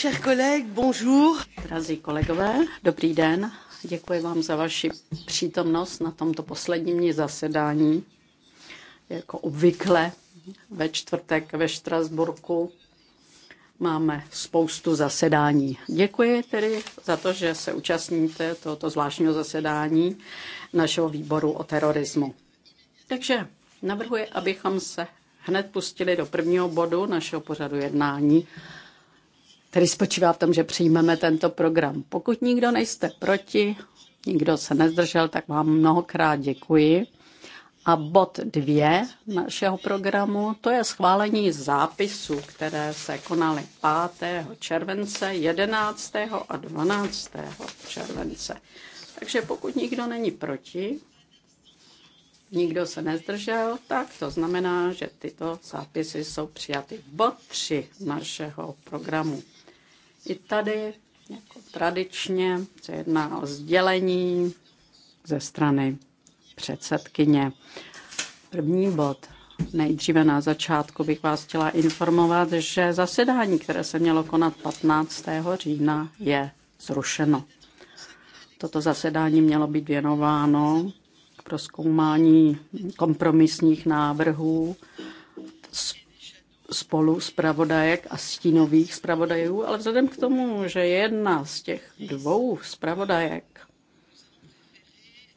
Chers collègues, bonjour. Drazí kolegové, dobrý den. Děkuji vám za vaši přítomnost na tomto posledním zasedání. Jako obvykle ve čtvrtek ve Štrasburku máme spoustu zasedání. Děkuji tedy za to, že se účastníte tohoto zvláštního zasedání našeho výboru o terorismu. Takže navrhuji, abychom se hned pustili do prvního bodu našeho pořadu jednání, který spočívá v tom, že přijmeme tento program. Pokud nikdo nejste proti, nikdo se nezdržel, tak vám mnohokrát děkuji. A bod dvě našeho programu, to je schválení zápisů, které se konaly 5. července, 11. a 12. července. Takže pokud nikdo není proti, nikdo se nezdržel, tak to znamená, že tyto zápisy jsou přijaty. Bod 3 našeho programu. I tady, jako tradičně, se jedná o sdělení ze strany předsedkyně. První bod. Nejdříve na začátku bych vás chtěla informovat, že zasedání, které se mělo konat 15. října, je zrušeno. Toto zasedání mělo být věnováno k proskoumání kompromisních návrhů spolu zpravodajek a stínových zpravodajů, ale vzhledem k tomu, že jedna z těch dvou zpravodajek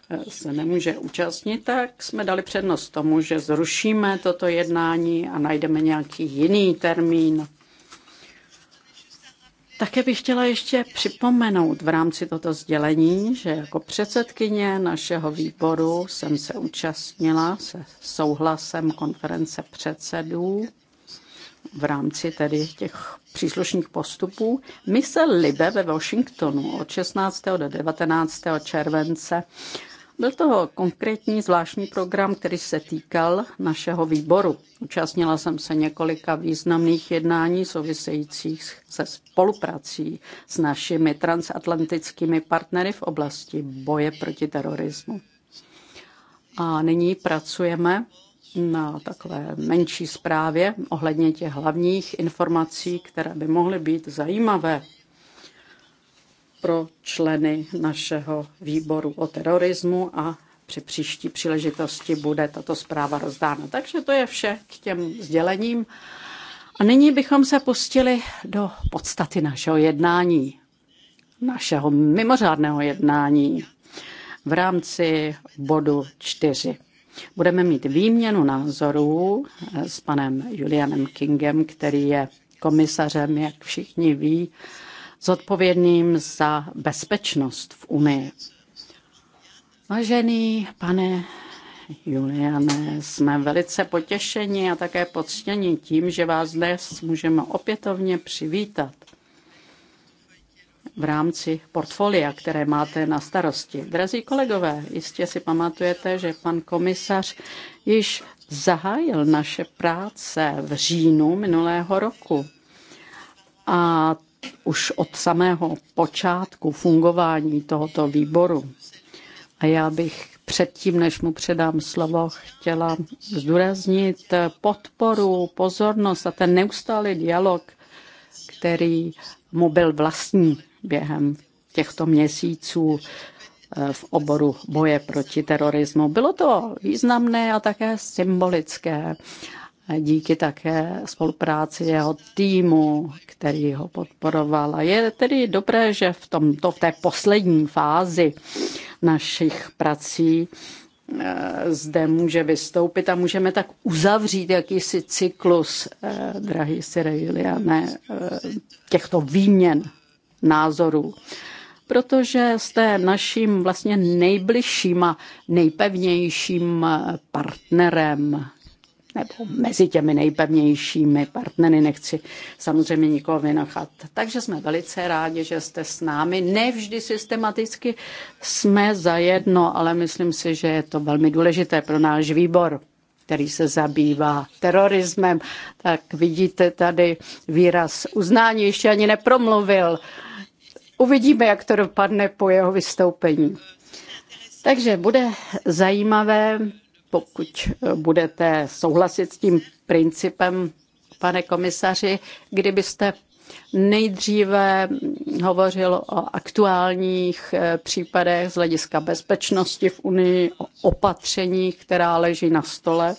eh, se nemůže účastnit, tak jsme dali přednost tomu, že zrušíme toto jednání a najdeme nějaký jiný termín. Také bych chtěla ještě připomenout v rámci toto sdělení, že jako předsedkyně našeho výboru jsem se účastnila se souhlasem konference předsedů v rámci tedy těch příslušných postupů. Mise Libe ve Washingtonu od 16. do 19. července. Byl to konkrétní zvláštní program, který se týkal našeho výboru. Účastnila jsem se několika významných jednání souvisejících se spoluprací s našimi transatlantickými partnery v oblasti boje proti terorismu. A nyní pracujeme na takové menší zprávě ohledně těch hlavních informací, které by mohly být zajímavé pro členy našeho výboru o terorismu a při příští příležitosti bude tato zpráva rozdána. Takže to je vše k těm sdělením. A nyní bychom se pustili do podstaty našeho jednání, našeho mimořádného jednání v rámci bodu 4. Budeme mít výměnu názorů eh, s panem Julianem Kingem, který je komisařem, jak všichni ví, zodpovědným za bezpečnost v Unii. Vážený pane Juliane, jsme velice potěšeni a také poctěni tím, že vás dnes můžeme opětovně přivítat v rámci portfolia, které máte na starosti. Drazí kolegové, jistě si pamatujete, že pan komisař již zahájil naše práce v říjnu minulého roku. A už od samého počátku fungování tohoto výboru. A já bych předtím, než mu předám slovo, chtěla zdůraznit podporu, pozornost a ten neustálý dialog, který mu byl vlastní během těchto měsíců eh, v oboru boje proti terorismu. Bylo to významné a také symbolické díky také spolupráci jeho týmu, který ho podporoval. A je tedy dobré, že v, tomto, v té poslední fázi našich prací eh, zde může vystoupit a můžeme tak uzavřít jakýsi cyklus, eh, drahý Siriliane, těchto výměn názorů protože jste naším vlastně nejbližším a nejpevnějším partnerem, nebo mezi těmi nejpevnějšími partnery, nechci samozřejmě nikoho vynachat. Takže jsme velice rádi, že jste s námi. Nevždy systematicky jsme zajedno, ale myslím si, že je to velmi důležité pro náš výbor který se zabývá terorismem, tak vidíte tady výraz uznání, ještě ani nepromluvil. Uvidíme, jak to dopadne po jeho vystoupení. Takže bude zajímavé, pokud budete souhlasit s tím principem, pane komisaři, kdybyste nejdříve hovořil o aktuálních eh, případech z hlediska bezpečnosti v Unii, o opatřeních, která leží na stole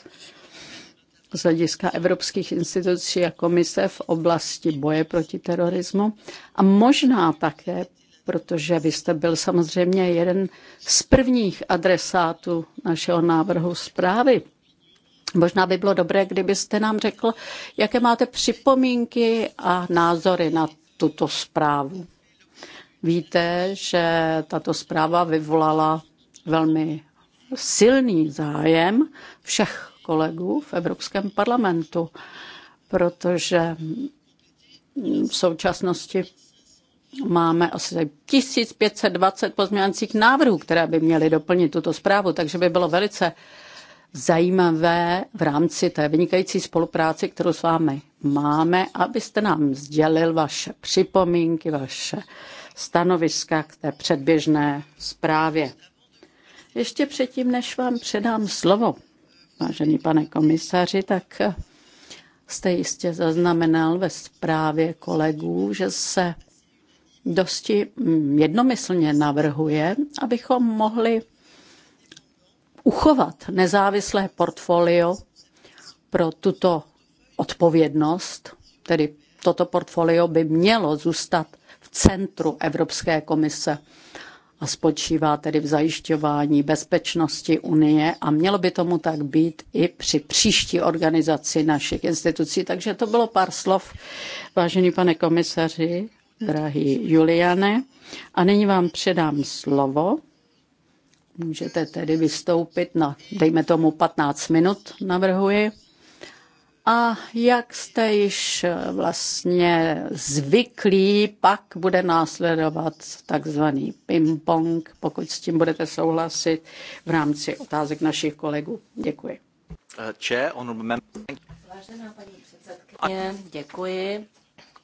z hlediska evropských institucí a komise v oblasti boje proti terorismu a možná také, protože vy jste byl samozřejmě jeden z prvních adresátů našeho návrhu zprávy. Možná by bylo dobré, kdybyste nám řekl, jaké máte připomínky a názory na tuto zprávu. Víte, že tato zpráva vyvolala velmi silný zájem všech kolegů v Evropském parlamentu, protože v současnosti máme asi 1520 pozměňovacích návrhů, které by měly doplnit tuto zprávu, takže by bylo velice zajímavé v rámci té vynikající spolupráce, kterou s vámi máme, abyste nám sdělil vaše připomínky, vaše stanoviska k té předběžné zprávě. Ještě předtím, než vám předám slovo, Vážený pane komisaři, tak eh, jste jistě zaznamenal ve zprávě kolegů, že se dosti mm, jednomyslně navrhuje, abychom mohli uchovat nezávislé portfolio pro tuto odpovědnost, tedy toto portfolio by mělo zůstat v centru Evropské komise a spočívá tedy v zajišťování bezpečnosti Unie a mělo by tomu tak být i při příští organizaci našich institucí. Takže to bylo pár slov, vážený pane komisaři, drahý Juliane. A nyní vám předám slovo. Můžete tedy vystoupit na, dejme tomu, 15 minut, navrhuji. A jak jste již eh, vlastně zvyklí, pak bude následovat takzvaný ping-pong, pokud s tím budete souhlasit v rámci otázek našich kolegů. Děkuji. Eh, Vážená paní předsedkyně, děkuji.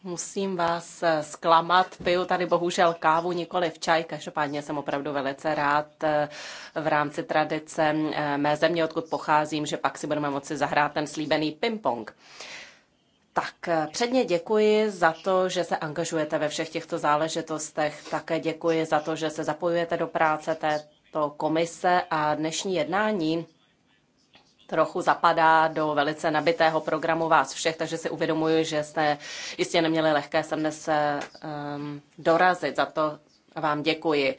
Musím vás eh, zklamat, piju tady bohužel kávu, nikoli v čaj, každopádně jsem opravdu velice rád eh, v rámci tradice eh, mé země, odkud pocházím, že pak si budeme moci zahrát ten slíbený ping-pong. Tak předně děkuji za to, že se angažujete ve všech těchto záležitostech, také děkuji za to, že se zapojujete do práce této komise a dnešní jednání trochu zapadá do velice nabitého programu vás všech, takže si uvědomuji, že jste jistě neměli lehké sem dnes um, dorazit. Za to vám děkuji.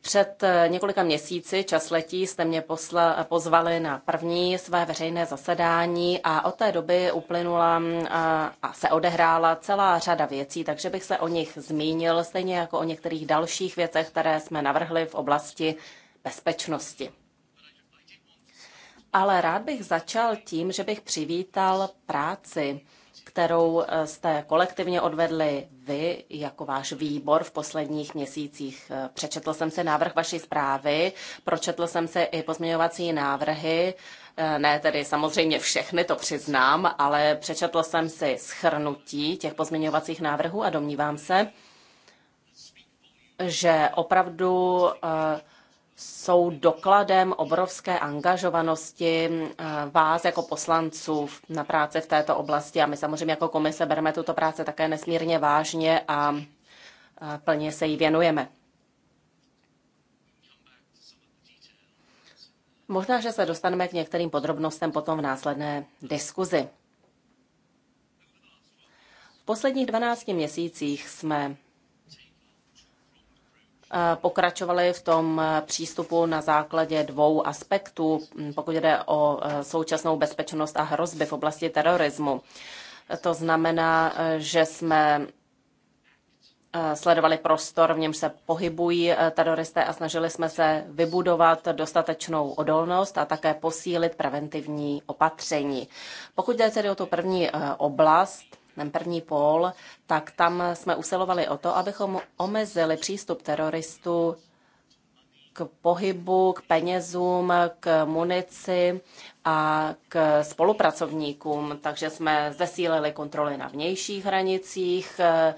Před eh, několika měsíci, čas letí, jste mě posla, pozvali na první své veřejné zasedání a od té doby uplynula a, eh, a se odehrála celá řada věcí, takže bych se o nich zmínil, stejně jako o některých dalších věcech, které jsme navrhli v oblasti bezpečnosti ale rád bych začal tím, že bych přivítal práci, kterou eh, jste kolektivně odvedli vy jako váš výbor v posledních měsících. Eh, přečetl jsem si návrh vaší zprávy, pročetl jsem si i pozměňovací návrhy, eh, ne tedy samozřejmě všechny, to přiznám, ale přečetl jsem si schrnutí těch pozměňovacích návrhů a domnívám se, že opravdu uh, jsou dokladem obrovské angažovanosti eh, vás jako poslanců na práci v této oblasti a my samozřejmě jako komise bereme tuto práci také nesmírně vážně a eh, plně se jí věnujeme. Možná, že se dostaneme k některým podrobnostem potom v následné diskuzi. V posledních 12 měsících jsme pokračovali v tom eh, přístupu na základě dvou aspektů, hm, pokud jde o eh, současnou bezpečnost a hrozby v oblasti terorismu. To znamená, eh, že jsme sledovali prostor, v němž se pohybují teroristé a snažili jsme se vybudovat dostatečnou odolnost a také posílit preventivní opatření. Pokud jde tedy o tu první oblast, ten první pól, tak tam jsme usilovali o to, abychom omezili přístup teroristů k pohybu, k penězům, k munici a k spolupracovníkům. Takže jsme zesílili kontroly na vnějších hranicích, eh,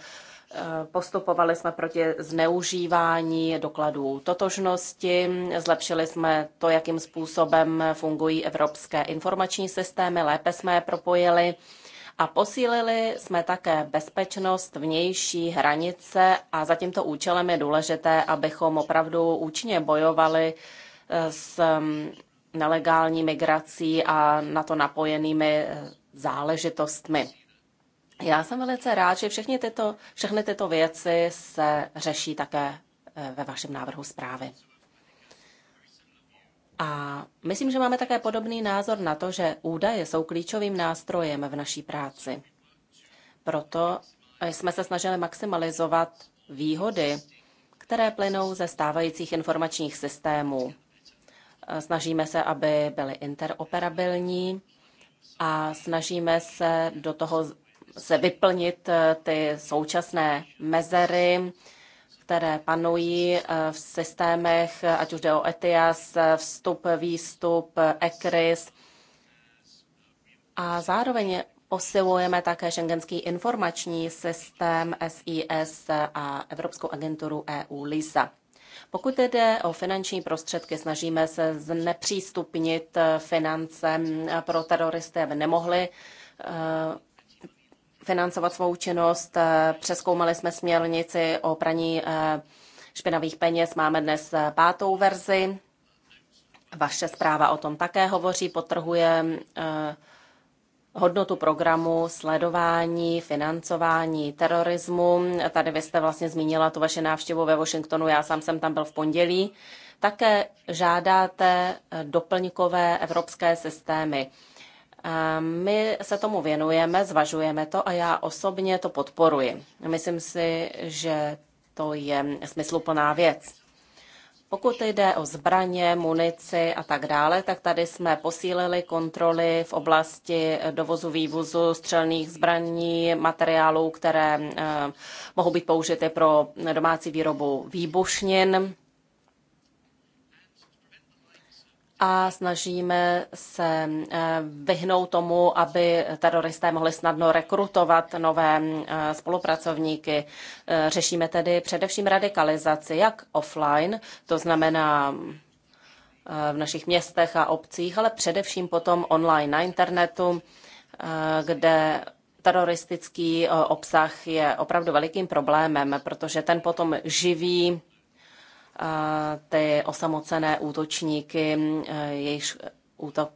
Postupovali jsme proti zneužívání dokladů totožnosti, zlepšili jsme to, jakým způsobem fungují evropské informační systémy, lépe jsme je propojili a posílili jsme také bezpečnost vnější hranice a za tímto účelem je důležité, abychom opravdu účinně bojovali eh, s mm, nelegální migrací a na to napojenými eh, záležitostmi. Já jsem velice rád, že všechny tyto, všechny tyto věci se řeší také eh, ve vašem návrhu zprávy. A myslím, že máme také podobný názor na to, že údaje jsou klíčovým nástrojem v naší práci. Proto jsme se snažili maximalizovat výhody, které plynou ze stávajících informačních systémů. Snažíme se, aby byly interoperabilní a snažíme se do toho se vyplnit eh, ty současné mezery, které panují eh, v systémech, ať už jde o ETIAS, vstup, výstup, ECRIS. A zároveň posilujeme také šengenský informační systém SIS a Evropskou agenturu EU LISA. Pokud jde o finanční prostředky, snažíme se znepřístupnit finance pro teroristy, aby nemohli eh, financovat svou činnost. Eh, přeskoumali jsme směrnici o praní eh, špinavých peněz. Máme dnes eh, pátou verzi. Vaše zpráva o tom také hovoří, potrhuje hodnotu programu sledování, financování terorismu. Tady vy jste vlastně zmínila tu vaše návštěvu ve Washingtonu, já sám jsem tam byl v pondělí. Také žádáte doplňkové evropské systémy. My se tomu věnujeme, zvažujeme to a já osobně to podporuji. Myslím si, že to je smysluplná věc. Pokud jde o zbraně, munici a tak dále, tak tady jsme posílili kontroly v oblasti dovozu, vývozu střelných zbraní, materiálů, které eh, mohou být použity pro domácí výrobu výbušnin. a snažíme se eh, vyhnout tomu, aby teroristé mohli snadno rekrutovat nové eh, spolupracovníky. Eh, řešíme tedy především radikalizaci, jak offline, to znamená v našich městech a obcích, ale především potom online na internetu, kde teroristický obsah je opravdu velikým problémem, protože ten potom živí ty osamocené útočníky, eh, jejichž útok,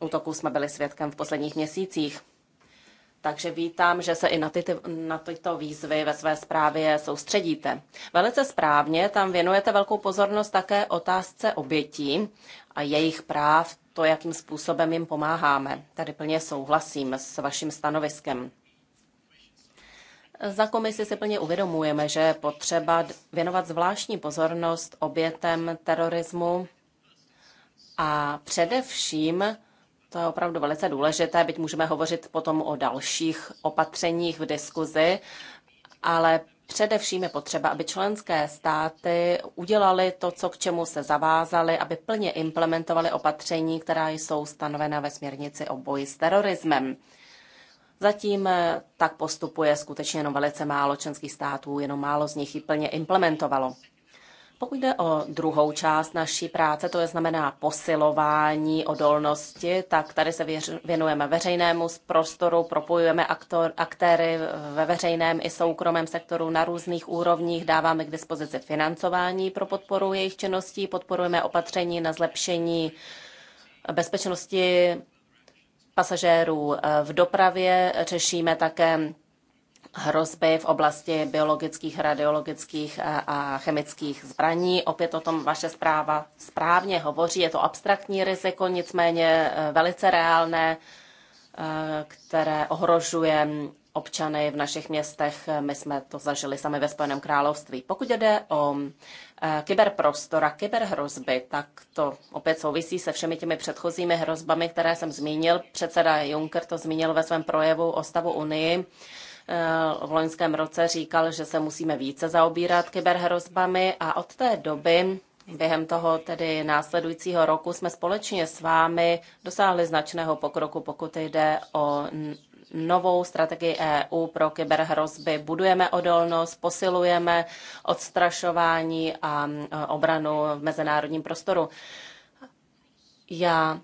útoků jsme byli svědkem v posledních měsících. Takže vítám, že se i na, ty, na tyto výzvy ve své zprávě soustředíte. Velice správně tam věnujete velkou pozornost také otázce obětí a jejich práv, to, jakým způsobem jim pomáháme. Tady plně souhlasím s vaším stanoviskem. Za komisi si plně uvědomujeme, že je potřeba věnovat zvláštní pozornost obětem terorismu a především, to je opravdu velice důležité, byť můžeme hovořit potom o dalších opatřeních v diskuzi, ale Především je potřeba, aby členské státy udělali to, co k čemu se zavázali, aby plně implementovali opatření, která jsou stanovena ve směrnici o boji s terorismem. Zatím eh, tak postupuje skutečně jenom velice málo členských států, jenom málo z nich ji plně implementovalo. Pokud jde o druhou část naší práce, to je znamená posilování odolnosti, tak tady se věnujeme veřejnému prostoru, propojujeme aktor, aktéry ve veřejném i soukromém sektoru na různých úrovních, dáváme k dispozici financování pro podporu jejich činností, podporujeme opatření na zlepšení bezpečnosti pasažérů eh, v dopravě, řešíme také hrozby v oblasti biologických, radiologických eh, a chemických zbraní. Opět o tom vaše zpráva správně hovoří. Je to abstraktní riziko, nicméně eh, velice reálné, které ohrožuje občany v našich městech. My jsme to zažili sami ve Spojeném království. Pokud jde o eh, kyberprostor a kyberhrozby, tak to opět souvisí se všemi těmi předchozími hrozbami, které jsem zmínil. Předseda Juncker to zmínil ve svém projevu o stavu Unii. Eh, v loňském roce říkal, že se musíme více zaobírat kyberhrozbami a od té doby Během toho tedy následujícího roku jsme společně s vámi dosáhli značného pokroku, pokud jde o novou strategii EU pro kyberhrozby. Budujeme odolnost, posilujeme odstrašování a obranu v mezinárodním prostoru. Já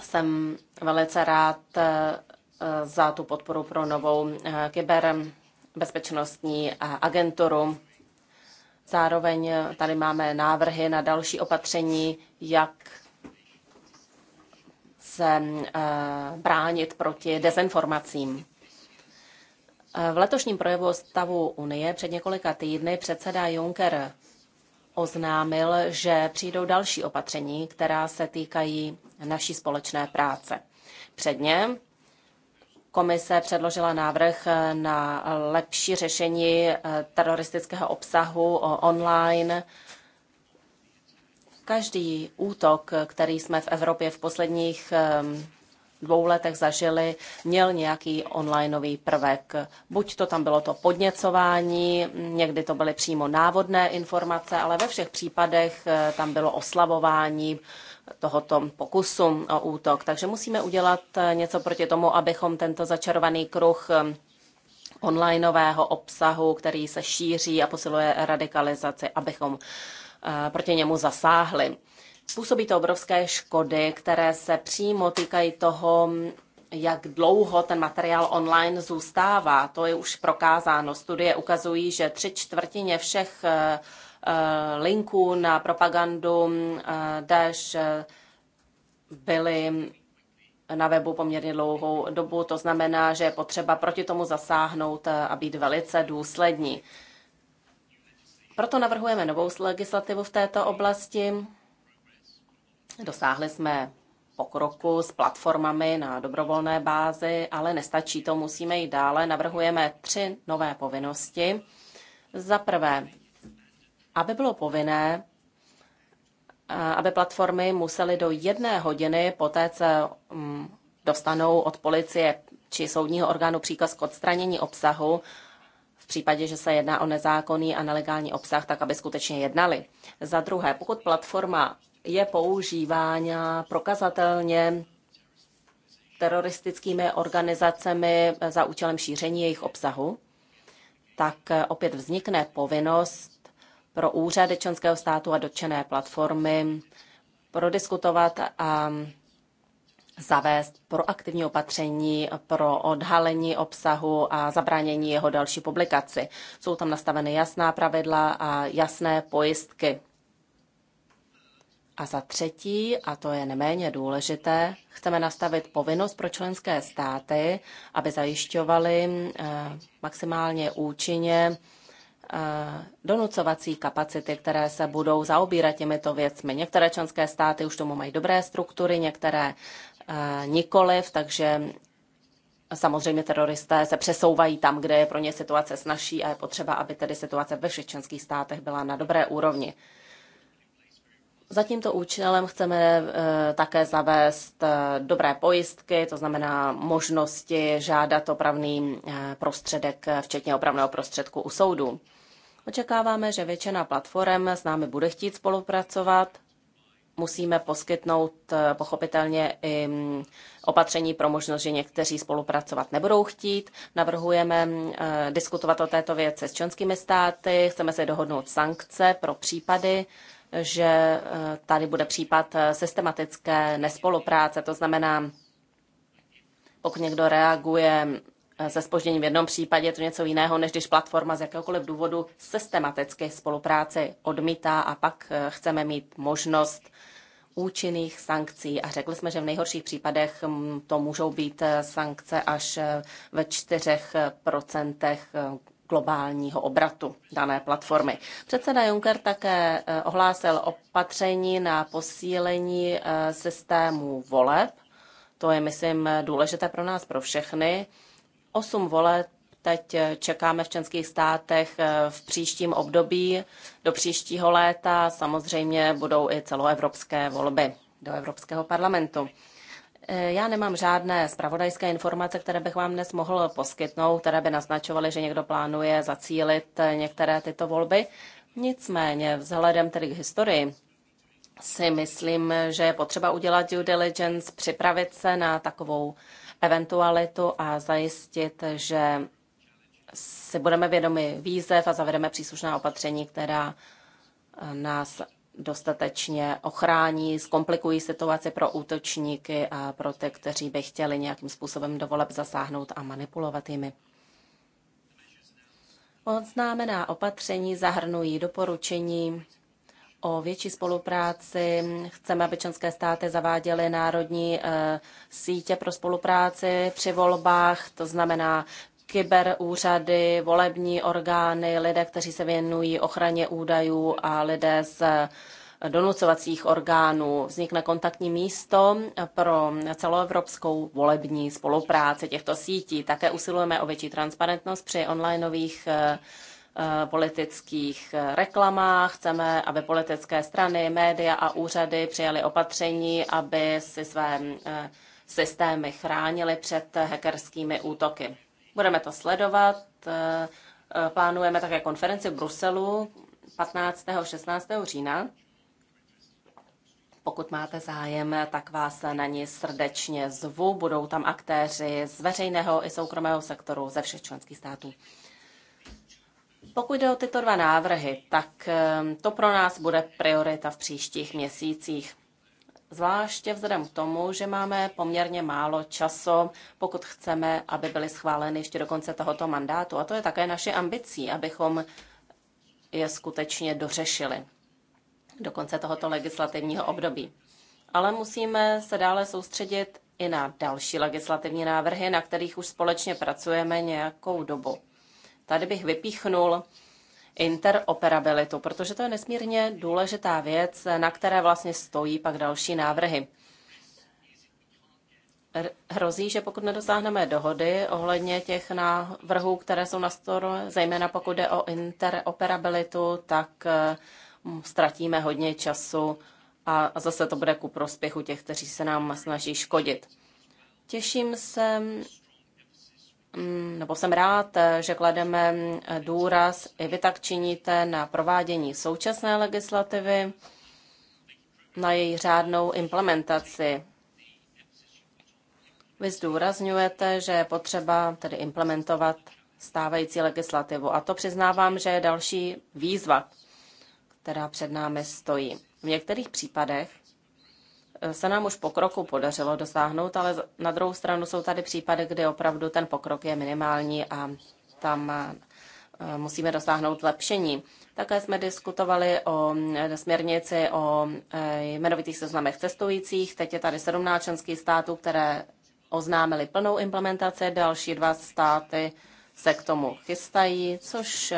jsem velice rád e, za tu podporu pro novou e, kyberbezpečnostní e, agenturu. Zároveň tady máme návrhy na další opatření, jak se eh, bránit proti dezinformacím. Eh, v letošním projevu o stavu Unie před několika týdny předseda Juncker oznámil, že přijdou další opatření, která se týkají naší společné práce. Předně komise předložila návrh na lepší řešení eh, teroristického obsahu online Každý útok, který jsme v Evropě v posledních ehm, dvou letech zažili, měl nějaký onlineový prvek. Buď to tam bylo to podněcování, někdy to byly přímo návodné informace, ale ve všech případech eh, tam bylo oslavování tohoto pokusu o útok. Takže musíme udělat eh, něco proti tomu, abychom tento začarovaný kruh ehm, onlineového obsahu, který se šíří a posiluje radikalizaci, abychom Eh, proti němu zasáhli. Působí to obrovské škody, které se přímo týkají toho, jak dlouho ten materiál online zůstává. To je už prokázáno. Studie ukazují, že tři čtvrtině všech eh, eh, linků na propagandu Daesh byly na webu poměrně dlouhou dobu. To znamená, že je potřeba proti tomu zasáhnout a být velice důslední. Proto navrhujeme novou legislativu v této oblasti. Dosáhli jsme pokroku s platformami na dobrovolné bázi, ale nestačí to, musíme jít dále. Navrhujeme tři nové povinnosti. Za prvé, aby bylo povinné, aby platformy musely do jedné hodiny poté, co mm, dostanou od policie či soudního orgánu příkaz k odstranění obsahu, v případě, že se jedná o nezákonný a nelegální obsah, tak aby skutečně jednali. Za druhé, pokud platforma je používána prokazatelně teroristickými organizacemi za účelem šíření jejich obsahu, tak eh, opět vznikne povinnost pro úřady členského státu a dotčené platformy prodiskutovat a zavést proaktivní opatření pro odhalení obsahu a zabránění jeho další publikaci. Jsou tam nastaveny jasná pravidla a jasné pojistky. A za třetí, a to je neméně důležité, chceme nastavit povinnost pro členské státy, aby zajišťovaly eh, maximálně účinně eh, donucovací kapacity, které se budou zaobírat těmito věcmi. Některé členské státy už tomu mají dobré struktury, některé Eh, nikoliv, takže Samozřejmě teroristé se přesouvají tam, kde je pro ně situace snažší a je potřeba, aby tedy situace ve všech členských státech byla na dobré úrovni. Za tímto účelem chceme eh, také zavést eh, dobré pojistky, to znamená možnosti žádat opravný prostředek, včetně opravného prostředku u soudu. Očekáváme, že většina platform s námi bude chtít spolupracovat musíme poskytnout eh, pochopitelně i mm, opatření pro možnost, že někteří spolupracovat nebudou chtít. Navrhujeme mm, eh, diskutovat o této věci s členskými státy, chceme se dohodnout sankce pro případy, že eh, tady bude případ systematické nespolupráce, to znamená, pokud někdo reaguje Eh, se spožděním. V jednom případě je to něco jiného, než když platforma z jakéhokoliv důvodu systematicky spolupráci odmítá a pak eh, chceme mít možnost účinných sankcí a řekli jsme, že v nejhorších případech mm, to můžou být eh, sankce až ve 4% globálního obratu dané platformy. Předseda Juncker také ohlásil opatření na posílení systému voleb. To je, myslím, důležité pro nás, pro všechny. Osm voleb teď eh, čekáme v členských státech eh, v příštím období do příštího léta. Samozřejmě budou i celoevropské volby do Evropského parlamentu. Eh, já nemám žádné spravodajské informace, které bych vám dnes mohl poskytnout, které by naznačovaly, že někdo plánuje zacílit některé tyto volby. Nicméně, vzhledem tedy k historii, si myslím, že je potřeba udělat due diligence, připravit se na takovou eventualitu a zajistit, že si budeme vědomi výzev a zavedeme příslušná opatření, která eh, nás dostatečně ochrání, zkomplikují situaci pro útočníky a pro ty, kteří by chtěli nějakým způsobem do voleb zasáhnout a manipulovat jimi. Oznámená opatření zahrnují doporučení o větší spolupráci. Chceme, aby členské státy zaváděly národní eh, sítě pro spolupráci při volbách, to znamená kyberúřady, volební orgány, lidé, kteří se věnují ochraně údajů a lidé z eh, donucovacích orgánů. Vznikne kontaktní místo pro celoevropskou volební spolupráci těchto sítí. Také usilujeme o větší transparentnost při onlineových eh, Eh, politických eh, reklamách. Chceme, aby politické strany, média a úřady přijaly opatření, aby si své eh, systémy chránili před hackerskými útoky. Budeme to sledovat. Plánujeme také konferenci v Bruselu 15. a 16. října. Pokud máte zájem, tak vás na ní srdečně zvu. Budou tam aktéři z veřejného i soukromého sektoru ze všech členských států. Pokud jde o tyto dva návrhy, tak ehm, to pro nás bude priorita v příštích měsících. Zvláště vzhledem k tomu, že máme poměrně málo času, pokud chceme, aby byly schváleny ještě do konce tohoto mandátu. A to je také naše ambicí, abychom je skutečně dořešili do konce tohoto legislativního období. Ale musíme se dále soustředit i na další legislativní návrhy, na kterých už společně pracujeme nějakou dobu. Tady bych vypíchnul interoperabilitu, protože to je nesmírně důležitá věc, na které vlastně stojí pak další návrhy. Hrozí, že pokud nedosáhneme dohody ohledně těch návrhů, které jsou na stolu, zejména pokud jde o interoperabilitu, tak eh, ztratíme hodně času a zase to bude ku prospěchu těch, kteří se nám snaží škodit. Těším se Mm, nebo jsem rád, eh, že klademe mm, důraz, i vy tak činíte, na provádění současné legislativy, na její řádnou implementaci. Vy zdůrazňujete, že je potřeba tedy implementovat stávající legislativu. A to přiznávám, že je další výzva, která před námi stojí. V některých případech Eh, se nám už pokroku podařilo dosáhnout, ale na druhou stranu jsou tady případy, kdy opravdu ten pokrok je minimální a tam eh, musíme dosáhnout lepšení. Také jsme diskutovali o eh, směrnici o jmenovitých seznamech cestujících. Teď je tady 17 členských států, které oznámili plnou implementaci, další dva státy se k tomu chystají, což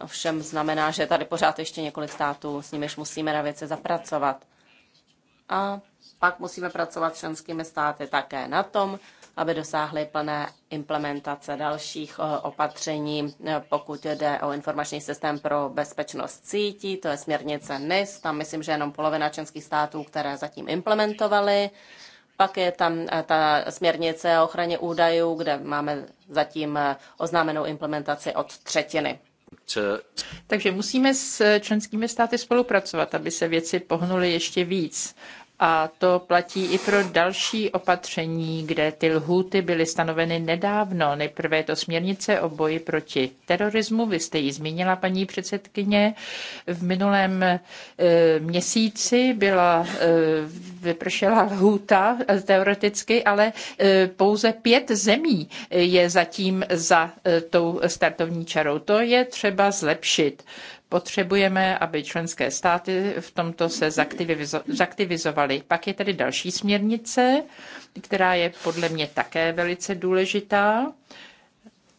ovšem znamená, že tady pořád ještě několik států, s nimiž musíme na věci zapracovat a pak musíme pracovat s členskými státy také na tom, aby dosáhly plné implementace dalších eh, opatření, eh, pokud jde o informační systém pro bezpečnost sítí, to je směrnice NIS, tam myslím, že jenom polovina členských států, které zatím implementovaly. Pak je tam eh, ta směrnice o ochraně údajů, kde máme zatím oznámenou implementaci od třetiny. Takže musíme s členskými státy spolupracovat, aby se věci pohnuly ještě víc. A to platí i pro další opatření, kde ty lhůty byly stanoveny nedávno. Nejprve je to směrnice o boji proti terorismu. Vy jste ji zmínila, paní předsedkyně. V minulém e, měsíci byla e, vypršela lhůta e, teoreticky, ale e, pouze pět zemí je zatím za e, tou startovní čarou. To je třeba zlepšit potřebujeme, aby členské státy v tomto se zaktivizovaly. Pak je tady další směrnice, která je podle mě také velice důležitá.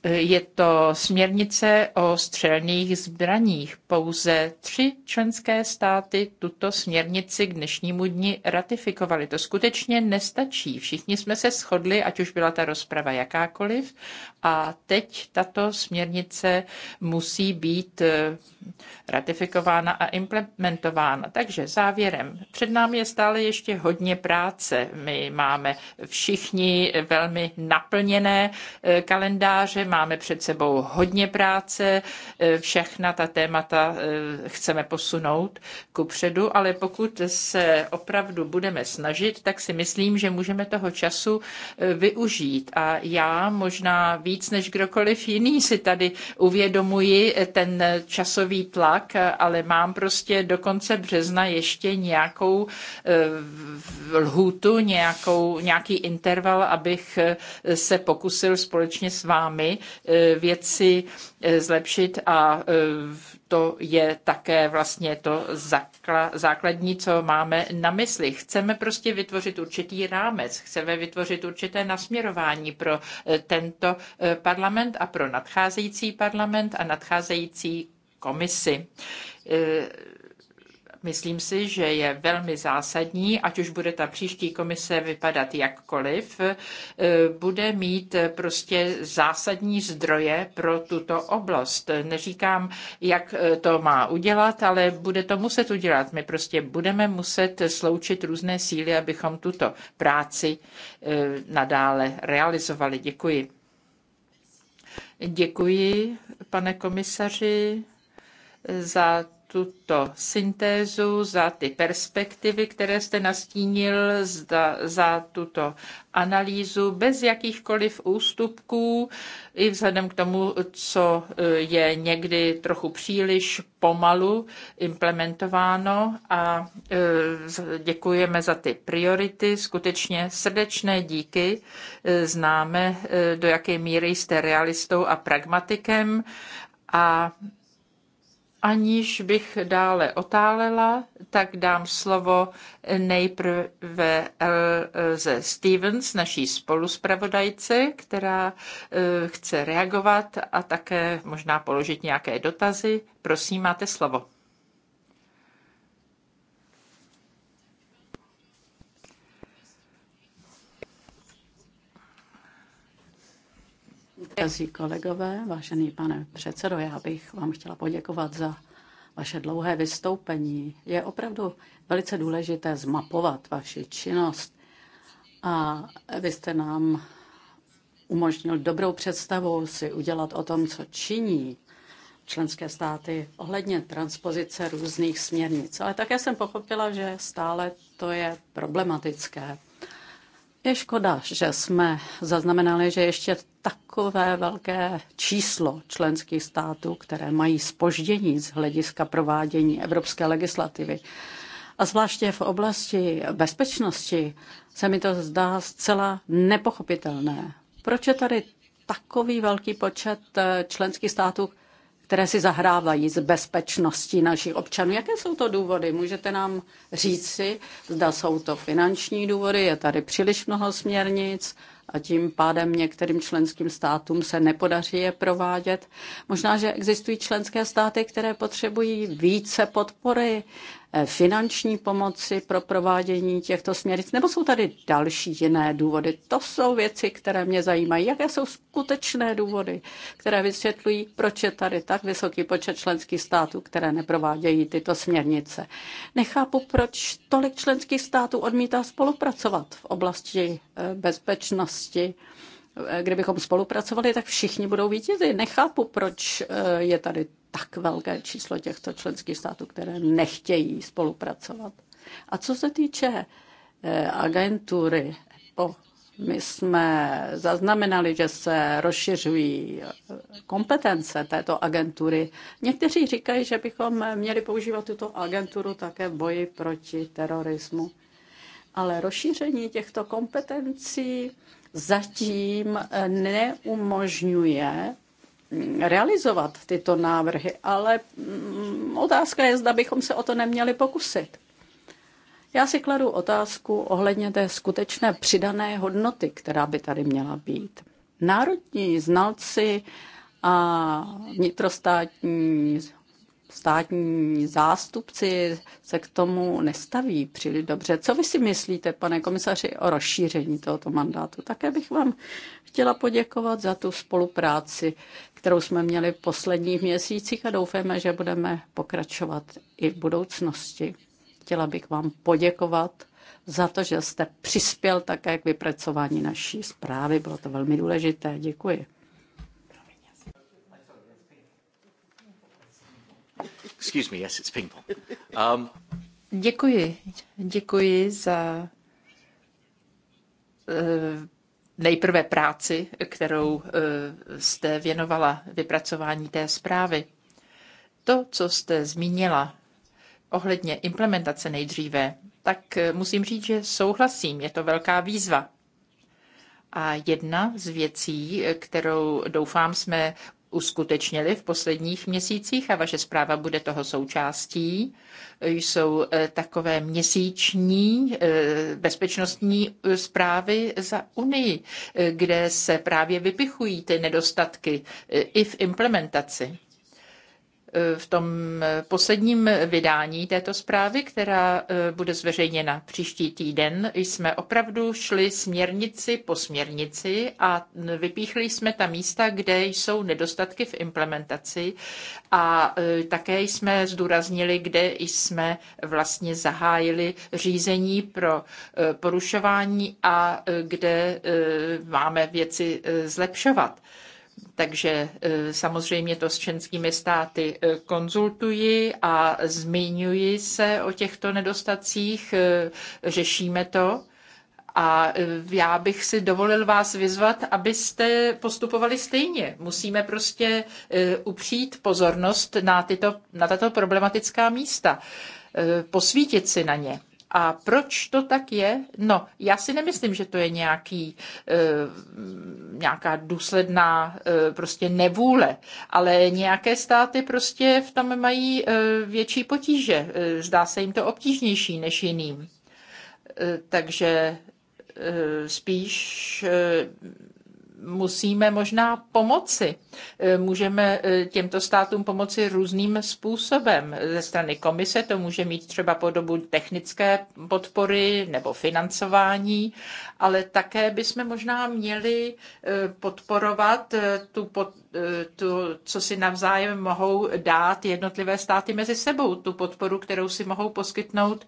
Je to směrnice o střelných zbraních. Pouze tři členské státy tuto směrnici k dnešnímu dni ratifikovaly. To skutečně nestačí. Všichni jsme se shodli, ať už byla ta rozprava jakákoliv, a teď tato směrnice musí být eh, ratifikována a implementována. Takže závěrem, před námi je stále ještě hodně práce. My máme všichni velmi naplněné eh, kalendáře, máme před sebou hodně práce, eh, všechna ta témata chceme posunout ku předu, ale pokud se opravdu budeme snažit, tak si myslím, že můžeme toho času využít. A já možná víc víc než kdokoliv jiný si tady uvědomuji ten časový tlak, ale mám prostě do konce března ještě nějakou eh, lhůtu, nějakou, nějaký interval, abych eh, se pokusil společně s vámi eh, věci zlepšit a v to je také vlastně to základní, co máme na mysli. Chceme prostě vytvořit určitý rámec, chceme vytvořit určité nasměrování pro eh, tento eh, parlament a pro nadcházející parlament a nadcházející komisi eh, Myslím si, že je velmi zásadní, ať už bude ta příští komise vypadat jakkoliv, eh, bude mít prostě zásadní zdroje pro tuto oblast. Neříkám, jak eh, to má udělat, ale bude to muset udělat. My prostě budeme muset sloučit různé síly, abychom tuto práci eh, nadále realizovali. Děkuji. Děkuji, pane komisaři, za tuto syntézu, za ty perspektivy, které jste nastínil, za, za tuto analýzu bez jakýchkoliv ústupků, i vzhledem k tomu, co eh, je někdy trochu příliš pomalu implementováno. A eh, děkujeme za ty priority. Skutečně srdečné díky. Eh, známe, do jaké míry jste realistou a pragmatikem. A Aniž bych dále otálela, tak dám slovo nejprve Elze Stevens, naší spoluspravodajce, která eh, chce reagovat a také možná položit nějaké dotazy. Prosím, máte slovo. Drazí kolegové, vážený pane předsedo, já bych vám chtěla poděkovat za vaše dlouhé vystoupení. Je opravdu velice důležité zmapovat vaši činnost a vy jste nám umožnil dobrou představu si udělat o tom, co činí členské státy ohledně transpozice různých směrnic. Ale také jsem pochopila, že stále to je problematické. Je škoda, že jsme zaznamenali, že ještě takové velké číslo členských států, které mají spoždění z hlediska provádění evropské legislativy. A zvláště v oblasti bezpečnosti se mi to zdá zcela nepochopitelné. Proč je tady takový velký počet eh, členských států, které si zahrávají s bezpečností našich občanů. Jaké jsou to důvody? Můžete nám říci, zda jsou to finanční důvody, je tady příliš mnoho směrnic a tím pádem některým členským státům se nepodaří je provádět. Možná, že existují členské státy, které potřebují více podpory Eh, finanční pomoci pro provádění těchto směrnic, nebo jsou tady další jiné důvody. To jsou věci, které mě zajímají. Jaké jsou skutečné důvody, které vysvětlují, proč je tady tak vysoký počet členských států, které neprovádějí tyto směrnice. Nechápu, proč tolik členských států odmítá spolupracovat v oblasti eh, bezpečnosti eh, kdybychom spolupracovali, tak všichni budou vítězi. Nechápu, proč je tady tak velké číslo těchto členských států, které nechtějí spolupracovat. A co se týče eh, agentury EPO, my jsme zaznamenali, že se rozšiřují eh, kompetence této agentury. Někteří říkají, že bychom měli používat tuto agenturu také v boji proti terorismu. Ale rozšíření těchto kompetencí zatím eh, neumožňuje realizovat tyto návrhy, ale mm, otázka je, zda bychom se o to neměli pokusit. Já si kladu otázku ohledně té skutečné přidané hodnoty, která by tady měla být. Národní znalci a vnitrostátní státní zástupci se k tomu nestaví příliš dobře. Co vy si myslíte, pane komisaři, o rozšíření tohoto mandátu? Také bych vám chtěla poděkovat za tu spolupráci, kterou jsme měli v posledních měsících a doufáme, že budeme pokračovat i v budoucnosti. Chtěla bych vám poděkovat za to, že jste přispěl také k vypracování naší zprávy. Bylo to velmi důležité. Děkuji. Excuse me, yes, it's ping pong. Um... Děkuji. Děkuji za eh, nejprve práci, kterou eh, jste věnovala vypracování té zprávy. To, co jste zmínila ohledně implementace nejdříve, tak eh, musím říct, že souhlasím, je to velká výzva. A jedna z věcí, eh, kterou doufám jsme uskutečnili v posledních měsících a vaše zpráva bude toho součástí. Jsou eh, takové měsíční eh, bezpečnostní eh, zprávy za Unii, kde se právě vypichují ty nedostatky i v implementaci v tom posledním vydání této zprávy, která e, bude zveřejněna příští týden, jsme opravdu šli směrnici po směrnici a vypíchli jsme ta místa, kde jsou nedostatky v implementaci a e, také jsme zdůraznili, kde jsme vlastně zahájili řízení pro e, porušování a kde máme věci zlepšovat. Takže e, samozřejmě to s členskými státy e, konzultuji a zmiňuji se o těchto nedostacích, e, řešíme to. A já bych si dovolil vás vyzvat, abyste postupovali stejně. Musíme prostě upřít pozornost na, tyto, na tato problematická místa, posvítit si na ně. A proč to tak je? No, já si nemyslím, že to je nějaký, e, nějaká důsledná e, prostě nevůle, ale nějaké státy prostě v tom mají e, větší potíže. E, zdá se jim to obtížnější než jiným. E, takže e, spíš e, musíme možná pomoci. Eh, můžeme eh, těmto státům pomoci různým způsobem. Ze strany komise to může mít třeba podobu technické podpory nebo financování, ale také bychom možná měli eh, podporovat tu, tu, co si navzájem mohou dát jednotlivé státy mezi sebou, tu podporu, kterou si mohou poskytnout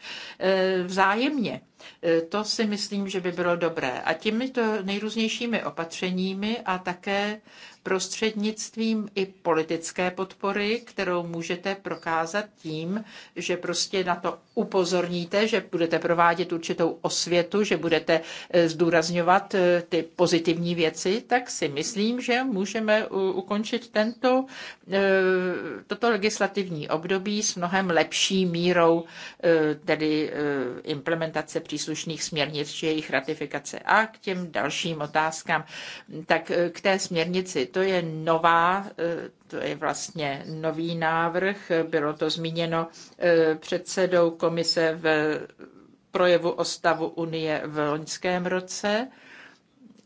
vzájemně. E, to si myslím, že by bylo dobré. A těmito nejrůznějšími opatřeními a také prostřednictvím i politické podpory, kterou můžete prokázat tím, že prostě na to upozorníte, že budete provádět určitou osvětu, že budete eh, zdůrazňovat eh, ty pozitivní věci, tak si myslím, že můžeme ukončit tento, eh, toto legislativní období s mnohem lepší mírou tedy implementace příslušných směrnic či jejich ratifikace. A k těm dalším otázkám, tak k té směrnici to je nová, e, to je vlastně nový návrh, bylo to zmíněno e, předsedou komise v projevu o stavu Unie v loňském roce.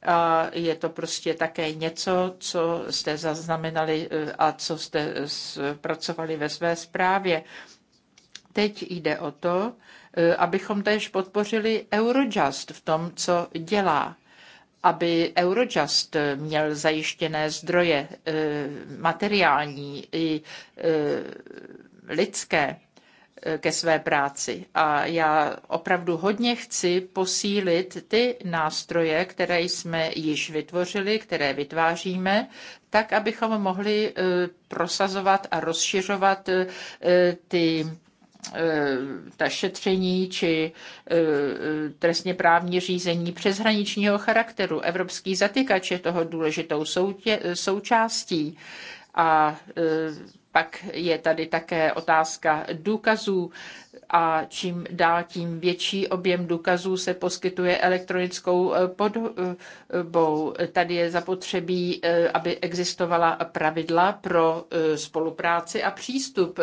A je to prostě také něco, co jste zaznamenali e, a co jste pracovali ve své zprávě. Teď jde o to, abychom též podpořili Eurojust v tom, co dělá aby Eurojust měl zajištěné zdroje eh, materiální i eh, lidské eh, ke své práci. A já opravdu hodně chci posílit ty nástroje, které jsme již vytvořili, které vytváříme, tak, abychom mohli prosazovat a rozšiřovat ty ta šetření či eh, eh, trestně právní řízení přeshraničního charakteru. Evropský zatykač je toho důležitou soutě, součástí. A eh, pak je tady také otázka důkazů a čím dál tím větší objem důkazů se poskytuje elektronickou eh, podobou. Tady je zapotřebí, eh, aby existovala pravidla pro eh, spolupráci a přístup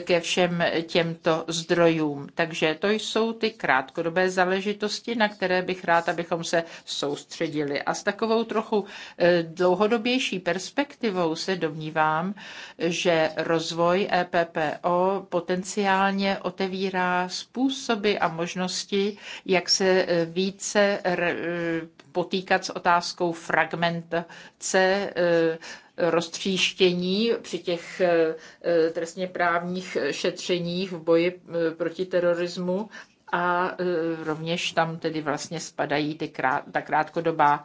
ke všem těmto zdrojům. Takže to jsou ty krátkodobé záležitosti, na které bych rád, abychom se soustředili. A s takovou trochu dlouhodobější perspektivou se domnívám, že rozvoj EPPO potenciálně otevírá otevírá způsoby a možnosti, jak se eh, více eh, potýkat s otázkou fragmentace, eh, roztříštění při těch trestně právních šetřeních v boji proti terorismu a rovněž tam tedy vlastně spadají ty krát, ta krátkodobá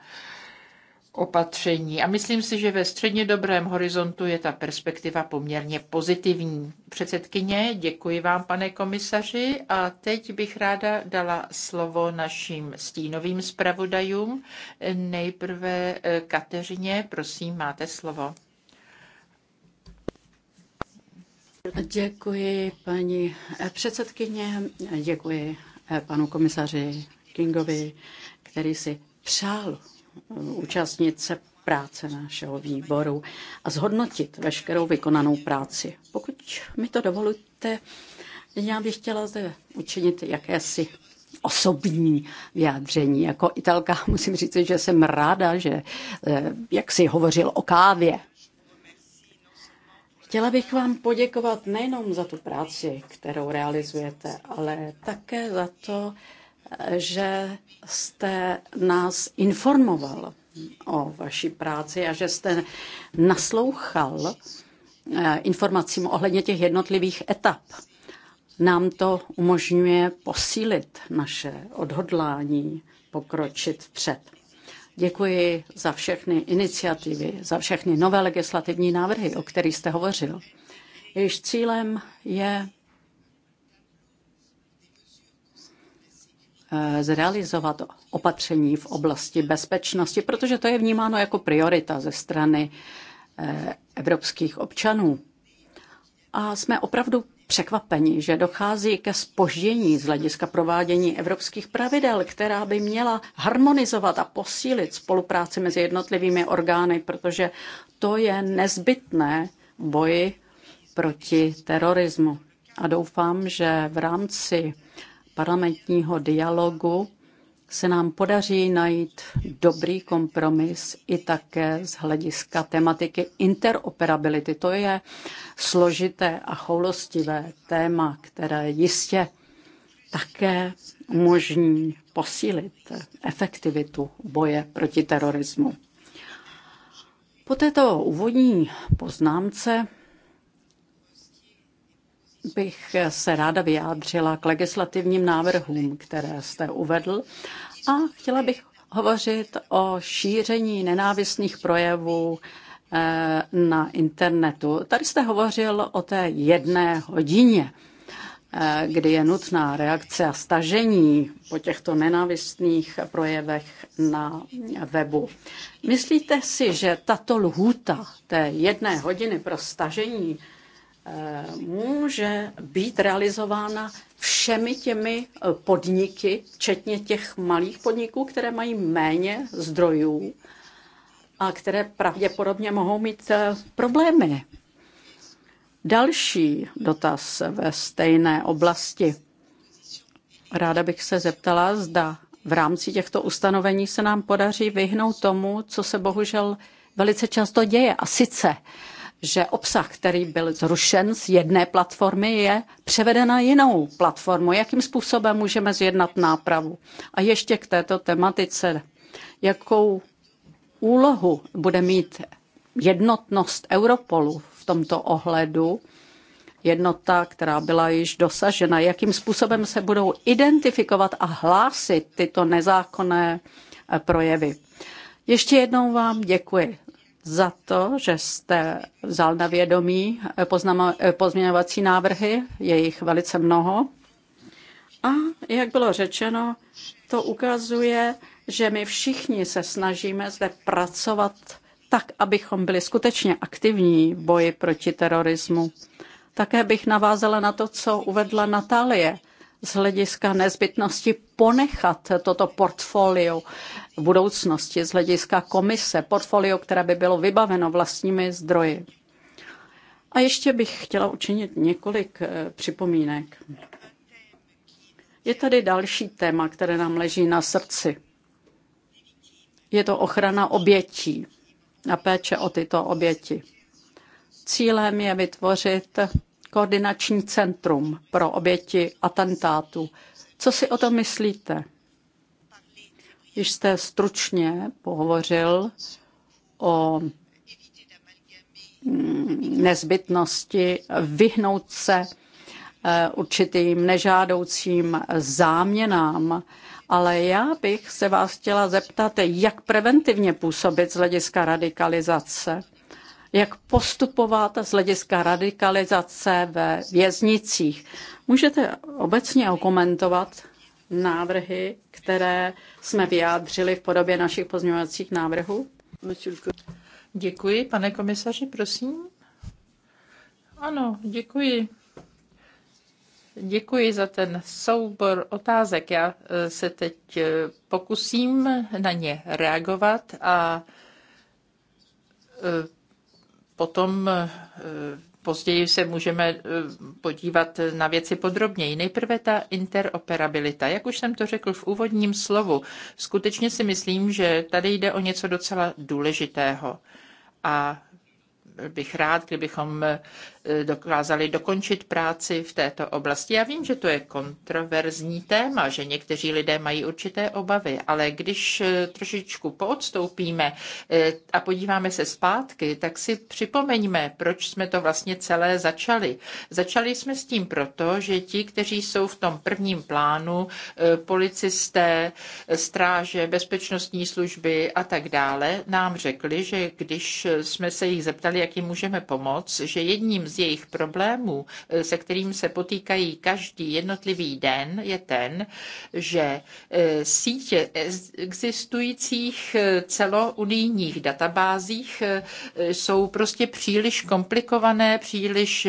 opatření. A myslím si, že ve středně dobrém horizontu je ta perspektiva poměrně pozitivní. Předsedkyně, děkuji vám, pane komisaři, a teď bych ráda dala slovo našim stínovým zpravodajům. Nejprve eh, Kateřině, prosím, máte slovo. Děkuji, paní eh, předsedkyně, děkuji eh, panu komisaři Kingovi, který si přál účastnit se práce našeho výboru a zhodnotit veškerou vykonanou práci. Pokud mi to dovolíte, já bych chtěla zde učinit jakési osobní vyjádření. Jako italka musím říct, že jsem ráda, že eh, jak si hovořil o kávě. Chtěla bych vám poděkovat nejenom za tu práci, kterou realizujete, ale také za to, že jste nás informoval o vaší práci a že jste naslouchal eh, informacím ohledně těch jednotlivých etap. Nám to umožňuje posílit naše odhodlání pokročit vpřed. Děkuji za všechny iniciativy, za všechny nové legislativní návrhy, o kterých jste hovořil. Jejich cílem je Eh, zrealizovat opatření v oblasti bezpečnosti, protože to je vnímáno jako priorita ze strany eh, evropských občanů. A jsme opravdu překvapeni, že dochází ke spoždění z hlediska provádění evropských pravidel, která by měla harmonizovat a posílit spolupráci mezi jednotlivými orgány, protože to je nezbytné boji proti terorismu. A doufám, že v rámci parlamentního dialogu se nám podaří najít dobrý kompromis i také z hlediska tematiky interoperability. To je složité a choulostivé téma, které jistě také umožní posílit efektivitu boje proti terorismu. Po této úvodní poznámce bych se ráda vyjádřila k legislativním návrhům, které jste uvedl a chtěla bych hovořit o šíření nenávistných projevů eh, na internetu. Tady jste hovořil o té jedné hodině, eh, kdy je nutná reakce a stažení po těchto nenávistných projevech na webu. Myslíte si, že tato lhůta té jedné hodiny pro stažení může být realizována všemi těmi podniky, včetně těch malých podniků, které mají méně zdrojů a které pravděpodobně mohou mít eh, problémy. Další dotaz ve stejné oblasti. Ráda bych se zeptala, zda v rámci těchto ustanovení se nám podaří vyhnout tomu, co se bohužel velice často děje. A sice uh, že obsah, který byl zrušen z jedné platformy, je převeden na jinou platformu. Jakým způsobem můžeme zjednat nápravu? A ještě k této tematice. Jakou úlohu bude mít jednotnost Europolu v tomto ohledu? Jednota, která byla již dosažena. Jakým způsobem se budou identifikovat a hlásit tyto nezákonné eh, projevy? Ještě jednou vám děkuji za to, že jste vzal na vědomí eh, eh, pozměňovací návrhy, je jich velice mnoho. A jak bylo řečeno, to ukazuje, že my všichni se snažíme zde pracovat tak, abychom byli skutečně aktivní v boji proti terorismu. Také bych navázala na to, co uvedla Natálie z hlediska nezbytnosti ponechat toto portfolio budoucnosti z hlediska komise, portfolio, které by bylo vybaveno vlastními zdroji. A ještě bych chtěla učinit několik eh, připomínek. Je tady další téma, které nám leží na srdci. Je to ochrana obětí a péče o tyto oběti. Cílem je vytvořit koordinační centrum pro oběti atentátů. Co si o tom myslíte? již jste stručně pohovořil o nezbytnosti vyhnout se eh, určitým nežádoucím záměnám, ale já bych se vás chtěla zeptat, jak preventivně působit z hlediska radikalizace, jak postupovat z hlediska radikalizace ve věznicích. Můžete obecně okomentovat návrhy, které jsme vyjádřili v podobě našich pozměňovacích návrhů? Děkuji, pane komisaři, prosím. Ano, děkuji. Děkuji za ten soubor otázek. Já eh, se teď eh, pokusím na ně reagovat a eh, potom Později se můžeme eh, podívat na věci podrobněji. Nejprve ta interoperabilita. Jak už jsem to řekl v úvodním slovu, skutečně si myslím, že tady jde o něco docela důležitého. A bych rád, kdybychom eh, Eh, dokázali dokončit práci v této oblasti. Já vím, že to je kontroverzní téma, že někteří lidé mají určité obavy, ale když eh, trošičku poodstoupíme eh, a podíváme se zpátky, tak si připomeňme, proč jsme to vlastně celé začali. Začali jsme s tím proto, že ti, kteří jsou v tom prvním plánu, policisté, stráže, bezpečnostní služby a tak dále, nám řekli, že když jsme se jich zeptali, jak jim můžeme pomoct, že jedním z jejich problémů, eh, se kterým se potýkají každý jednotlivý den, je ten, že eh, sítě existujících eh, celounijních databázích jsou prostě příliš komplikované, příliš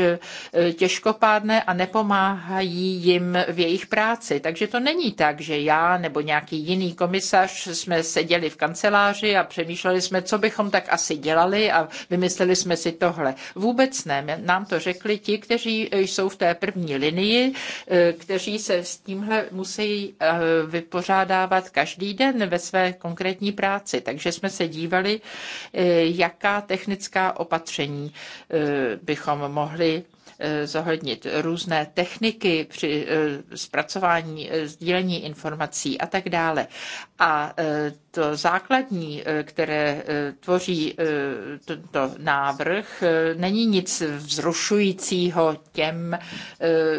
těžkopádné a nepomáhají jim v jejich práci. Takže to není tak, že já nebo nějaký jiný komisař jsme seděli v kanceláři a přemýšleli jsme, co bychom tak asi dělali a vymysleli jsme si tohle. Vůbec ne. Nám to řekli ti, kteří jsou v té první linii, eh, kteří se s tímhle musí eh, vypořádávat každý den ve své konkrétní práci. Takže jsme se dívali, eh, jaká technická opatření bychom mohli Eh, zohlednit různé techniky při eh, zpracování, eh, sdílení informací a tak dále. A to základní, které tvoří tento návrh, není nic vzrušujícího těm,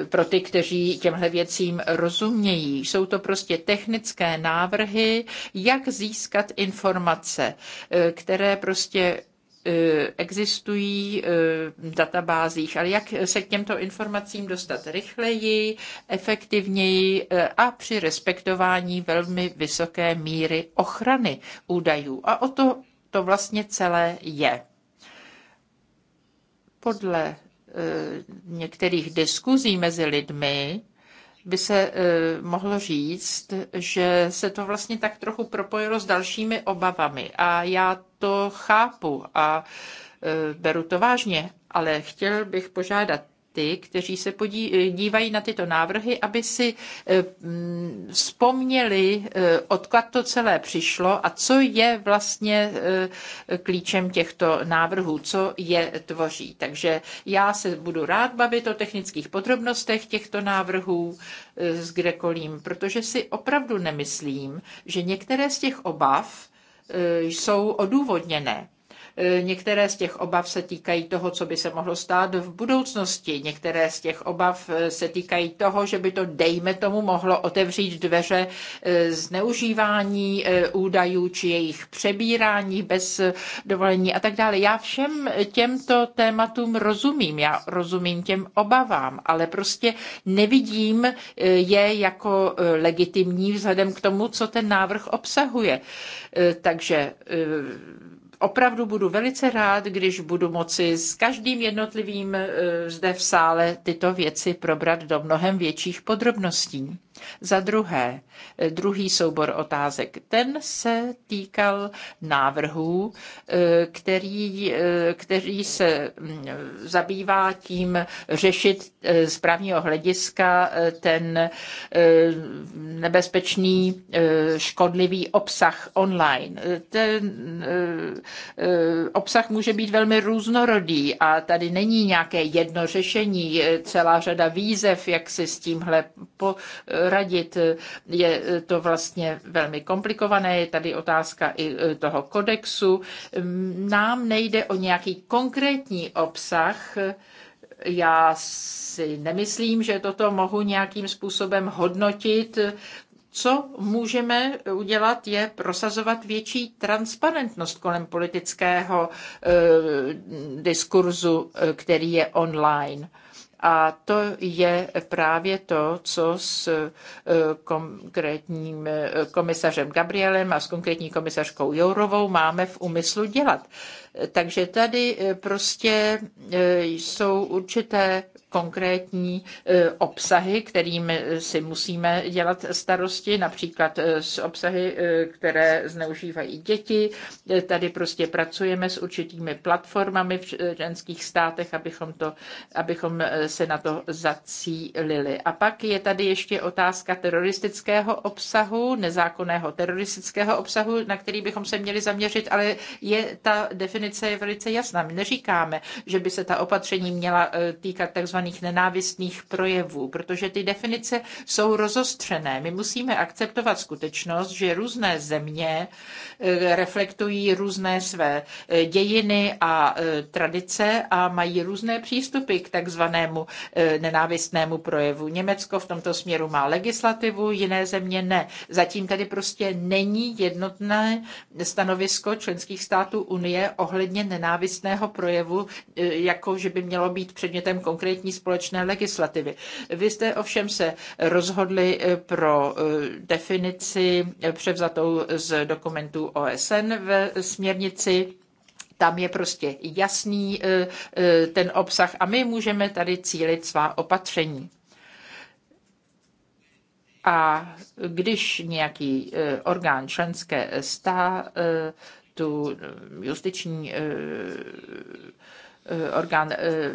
pro ty, kteří těmhle věcím rozumějí. Jsou to prostě technické návrhy, jak získat informace, které prostě E, existují e, v databázích, ale jak se k těmto informacím dostat rychleji, efektivněji e, a při respektování velmi vysoké míry ochrany údajů. A o to to vlastně celé je. Podle některých diskuzí mezi lidmi by se eh, mohlo říct, že se to vlastně tak trochu propojilo s dalšími obavami. A já to chápu a eh, beru to vážně, ale chtěl bych požádat ty, kteří se podí, eh, dívají na tyto návrhy, aby si eh, mm, vzpomněli, eh, odkud to celé přišlo a co je vlastně klíčem těchto návrhů, co je tvoří. Takže já se budu rád bavit o technických podrobnostech těchto návrhů s Grekolím, protože si opravdu nemyslím, že některé z těch obav jsou odůvodněné. E, některé z těch obav se týkají toho, co by se mohlo stát v budoucnosti. Některé z těch obav e, se týkají toho, že by to, dejme tomu, mohlo otevřít dveře e, zneužívání údajů či jejich přebírání bez dovolení a tak dále. Já všem těmto tématům rozumím, já rozumím těm obavám, ale prostě nevidím je jako legitimní vzhledem k tomu, co ten návrh obsahuje. Takže opravdu budu velice rád, když budu moci s každým jednotlivým eh, zde v sále tyto věci probrat do mnohem větších podrobností. Za druhé, eh, druhý soubor otázek, ten se týkal návrhů, eh, který, eh, který se mm, zabývá tím řešit z právního hlediska ten nebezpečný škodlivý obsah online. Ten obsah může být velmi různorodý a tady není nějaké jedno řešení, celá řada výzev, jak se s tímhle po, doradit. Je eh, to vlastně velmi komplikované, je tady otázka i eh, toho kodexu. Mm, nám nejde o nějaký konkrétní obsah, já si nemyslím, že toto mohu nějakým způsobem hodnotit. Co můžeme udělat, je prosazovat větší transparentnost kolem politického e, diskurzu, který je online. E, a to je právě to, co s e, konkrétním e, komisařem Gabrielem a s konkrétní komisařkou Jourovou máme v úmyslu dělat. E, takže tady prostě jsou určité konkrétní e, obsahy, kterými si musíme dělat starosti, například e, s obsahy, e, které zneužívají děti. Tady prostě pracujeme s určitými platformami v ženských státech, abychom, to, abychom se na to zacílili. A pak je tady ještě otázka teroristického obsahu, nezákonného teroristického obsahu, na který bychom se měli zaměřit, ale je ta definice je velice jasná. My neříkáme, že by se ta opatření měla týkat tzv takzvaných nenávistných projevů, protože ty definice jsou rozostřené. My musíme akceptovat skutečnost, že různé země eh, reflektují různé své eh, dějiny a eh, tradice a mají různé přístupy k takzvanému nenávistnému projevu. Německo v tomto směru má legislativu, jiné země ne. Zatím tady prostě není jednotné stanovisko členských států Unie ohledně nenávistného projevu, jako že by mělo být předmětem konkrétní zavedení společné legislativy. Vy jste ovšem se rozhodli eh, pro eh, definici eh, převzatou z dokumentů OSN ve směrnici tam je prostě jasný ten obsah a my můžeme tady cílit svá opatření. A když nějaký orgán členské stá tu justiční Eh, orgán eh,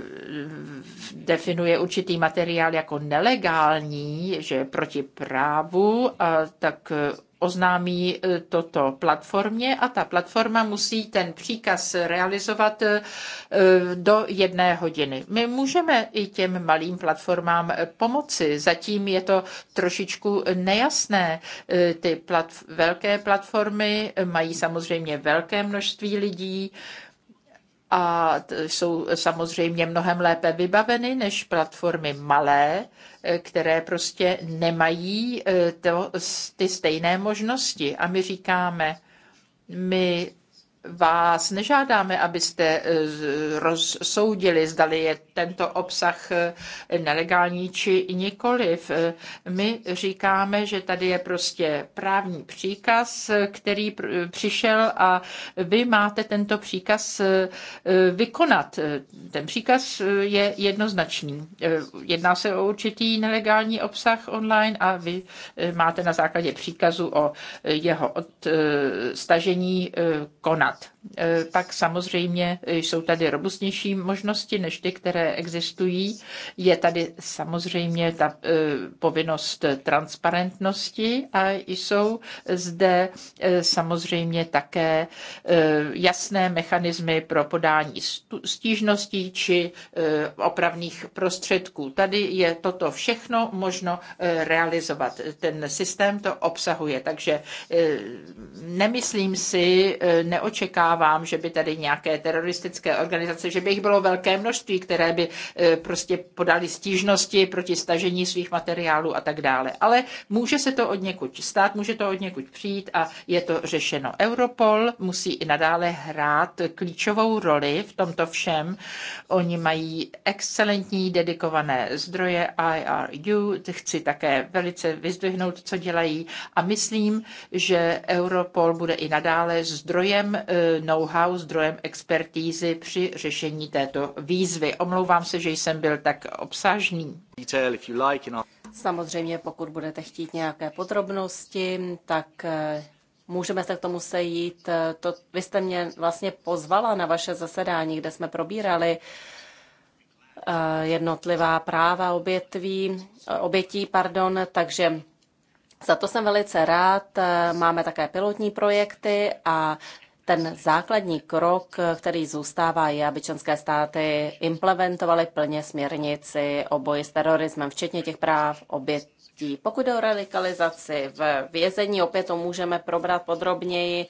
definuje určitý materiál jako nelegální, že je proti právu, a tak eh, oznámí toto platformě a ta platforma musí ten příkaz realizovat do jedné hodiny. My můžeme i těm malým platformám pomoci. Zatím je to trošičku nejasné. Ty plat, velké platformy mají samozřejmě velké množství lidí, a jsou samozřejmě mnohem lépe vybaveny než platformy malé, eh, které prostě nemají eh, to, ty stejné možnosti. A my říkáme, my vás nežádáme, abyste eh, rozsoudili, zdali je tento obsah eh, nelegální či nikoliv. Eh, my říkáme, že tady je prostě právní příkaz, který přišel a vy máte tento příkaz vykonat. Ten příkaz je jednoznačný. Jedná se o určitý nelegální obsah online a vy máte na základě příkazu o jeho odstažení konat dělat. E, pak samozřejmě jsou tady robustnější možnosti než ty, které existují. Je tady samozřejmě ta e, povinnost transparentnosti a jsou zde e, samozřejmě také jasné mechanismy pro podání stížností či opravných prostředků. Tady je toto všechno možno realizovat. Ten systém to obsahuje, takže nemyslím si, neočekávám, neočekávám, že by tady nějaké teroristické organizace, že by jich bylo velké množství, které by eh, prostě podali stížnosti proti stažení svých materiálů a tak dále. Ale může se to od někud stát, může to od někud přijít a je to řešeno. Europol musí i nadále hrát klíčovou roli v tomto všem. Oni mají excelentní dedikované zdroje IRU, chci také velice vyzdvihnout, co dělají a myslím, že Europol bude i nadále zdrojem eh, know-how, zdrojem expertízy při řešení této výzvy. Omlouvám se, že jsem byl tak obsažný. Samozřejmě, pokud budete chtít nějaké podrobnosti, tak eh, můžeme se k tomu sejít. Eh, to, vy jste mě vlastně pozvala na vaše zasedání, kde jsme probírali eh, jednotlivá práva obětví, obětí, pardon, takže za to jsem velice rád. Máme také pilotní projekty a ten základní krok, který zůstává, je, aby členské státy implementovaly plně směrnici o boji s terorismem, včetně těch práv obětí. Pokud jde o radikalizaci v vězení, opět to můžeme probrat podrobněji.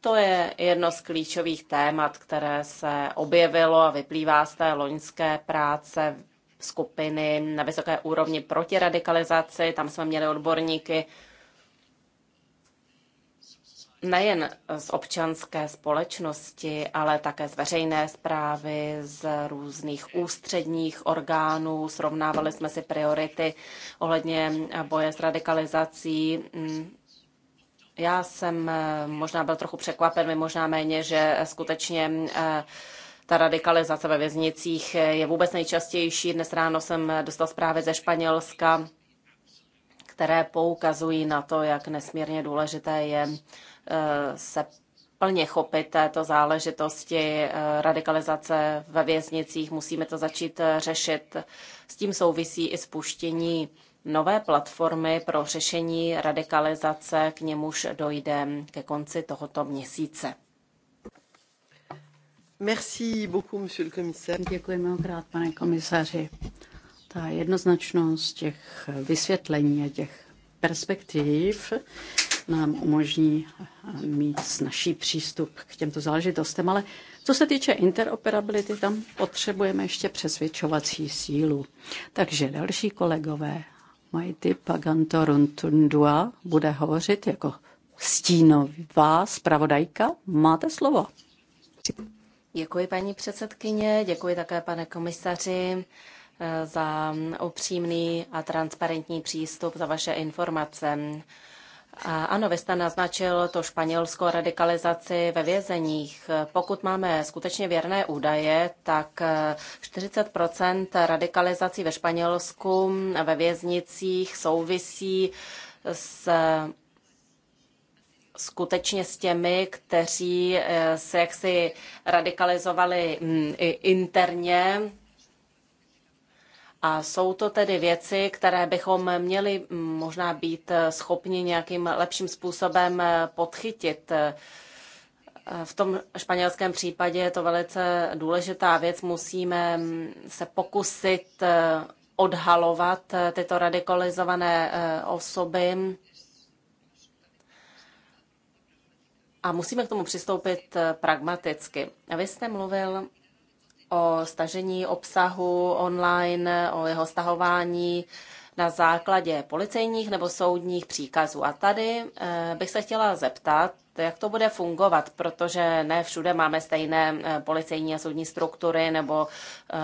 To je jedno z klíčových témat, které se objevilo a vyplývá z té loňské práce skupiny na vysoké úrovni proti radikalizaci. Tam jsme měli odborníky nejen z občanské společnosti, ale také z veřejné zprávy, z různých ústředních orgánů. Srovnávali jsme si priority ohledně boje s radikalizací. Já jsem eh, možná byl trochu překvapen, možná méně, že skutečně eh, ta radikalizace ve věznicích je vůbec nejčastější. Dnes ráno jsem dostal zprávy ze Španělska, které poukazují na to, jak nesmírně důležité je se plně chopit této záležitosti eh, radikalizace ve věznicích. Musíme to začít eh, řešit. S tím souvisí i spuštění nové platformy pro řešení radikalizace, k němuž dojde ke konci tohoto měsíce. Merci beaucoup, monsieur le commissaire. Děkuji mnohokrát, pane komisaři. Ta jednoznačnost těch vysvětlení a těch perspektiv nám umožní eh, mít snažší přístup k těmto záležitostem. Ale co se týče interoperability, tam potřebujeme ještě přesvědčovací sílu. Takže další kolegové, Majty Pagantoruntundua bude hovořit jako stínová zpravodajka. Máte slovo. Děkuji, paní předsedkyně, děkuji také, pane komisaři, za upřímný a transparentní přístup, za vaše informace. A ano, vy jste naznačil to španělskou radikalizaci ve vězeních. Pokud máme skutečně věrné údaje, tak 40 eh, radikalizací ve Španělsku ve věznicích souvisí s skutečně s těmi, kteří eh, se jaksi radikalizovali hm, interně a jsou to tedy věci, které bychom měli možná být schopni nějakým lepším způsobem podchytit. V tom španělském případě je to velice důležitá věc. Musíme se pokusit odhalovat tyto radikalizované eh, osoby. A musíme k tomu přistoupit eh, pragmaticky. Vy jste mluvil o stažení obsahu online, o jeho stahování na základě policejních nebo soudních příkazů. A tady eh, bych se chtěla zeptat, jak to bude fungovat, protože ne všude máme stejné eh, policejní a soudní struktury nebo eh,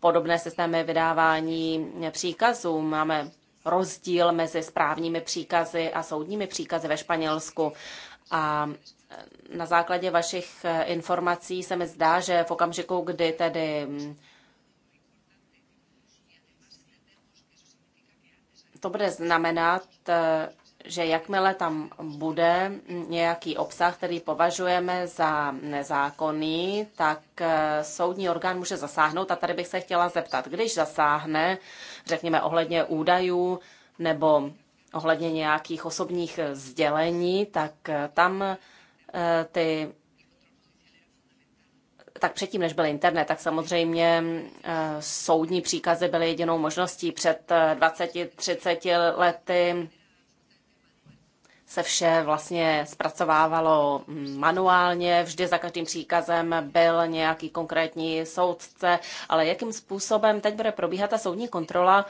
podobné systémy vydávání příkazů. Máme rozdíl mezi správními příkazy a soudními příkazy ve Španělsku. A na základě vašich eh, informací se mi zdá, že v okamžiku, kdy tedy mm, to bude znamenat, eh, že jakmile tam bude mm, nějaký obsah, který považujeme za nezákonný, tak eh, soudní orgán může zasáhnout. A tady bych se chtěla zeptat, když zasáhne, řekněme, ohledně údajů nebo ohledně nějakých osobních sdělení, tak tam Eh, ty tak předtím, než byl internet, tak samozřejmě eh, soudní příkazy byly jedinou možností. Před 20-30 eh, lety se vše vlastně zpracovávalo hm, manuálně, vždy za každým příkazem byl nějaký konkrétní soudce, ale jakým způsobem teď bude probíhat ta soudní kontrola,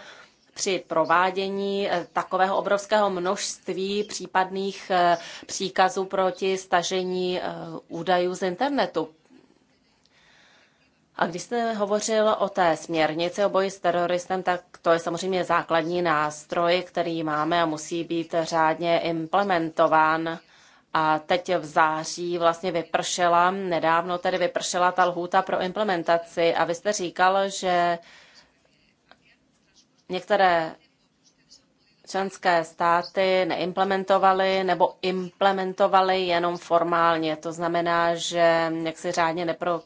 při provádění eh, takového obrovského množství případných eh, příkazů proti stažení eh, údajů z internetu. A když jste hovořil o té směrnici o boji s teroristem, tak to je samozřejmě základní nástroj, který máme a musí být řádně implementován. A teď v září vlastně vypršela, nedávno tedy vypršela ta lhůta pro implementaci a vy jste říkal, že Některé členské státy neimplementovaly nebo implementovaly jenom formálně. To znamená, že jak si řádně nepro,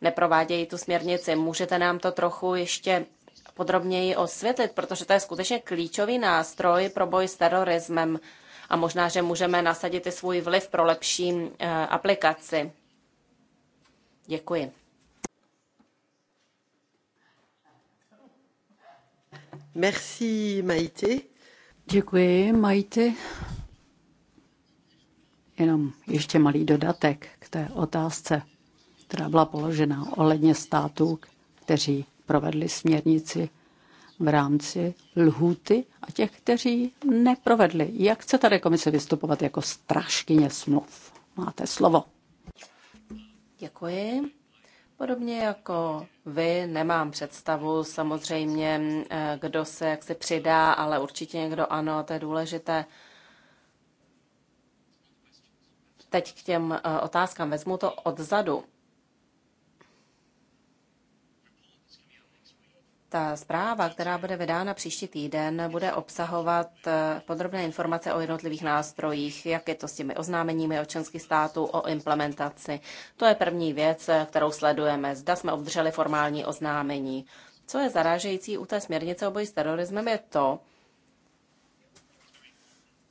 neprovádějí tu směrnici. Můžete nám to trochu ještě podrobněji osvětlit, protože to je skutečně klíčový nástroj pro boj s terorismem a možná, že můžeme nasadit i svůj vliv pro lepší eh, aplikaci. Děkuji. Merci, Maite. Děkuji, Maite. Jenom ještě malý dodatek k té otázce, která byla položena ohledně států, kteří provedli směrnici v rámci lhůty a těch, kteří neprovedli. Jak chce tady komise vystupovat jako straškyně smluv? Máte slovo. Děkuji. Podobně jako vy, nemám představu samozřejmě, eh, kdo se jak se přidá, ale určitě někdo ano, to je důležité. Teď k těm eh, otázkám vezmu to odzadu. ta zpráva, která bude vydána příští týden, bude obsahovat eh, podrobné informace o jednotlivých nástrojích, jak je to s těmi oznámeními o členských států, o implementaci. To je první věc, eh, kterou sledujeme. Zda jsme obdrželi formální oznámení. Co je zarážející u té směrnice o boji s terorismem je to,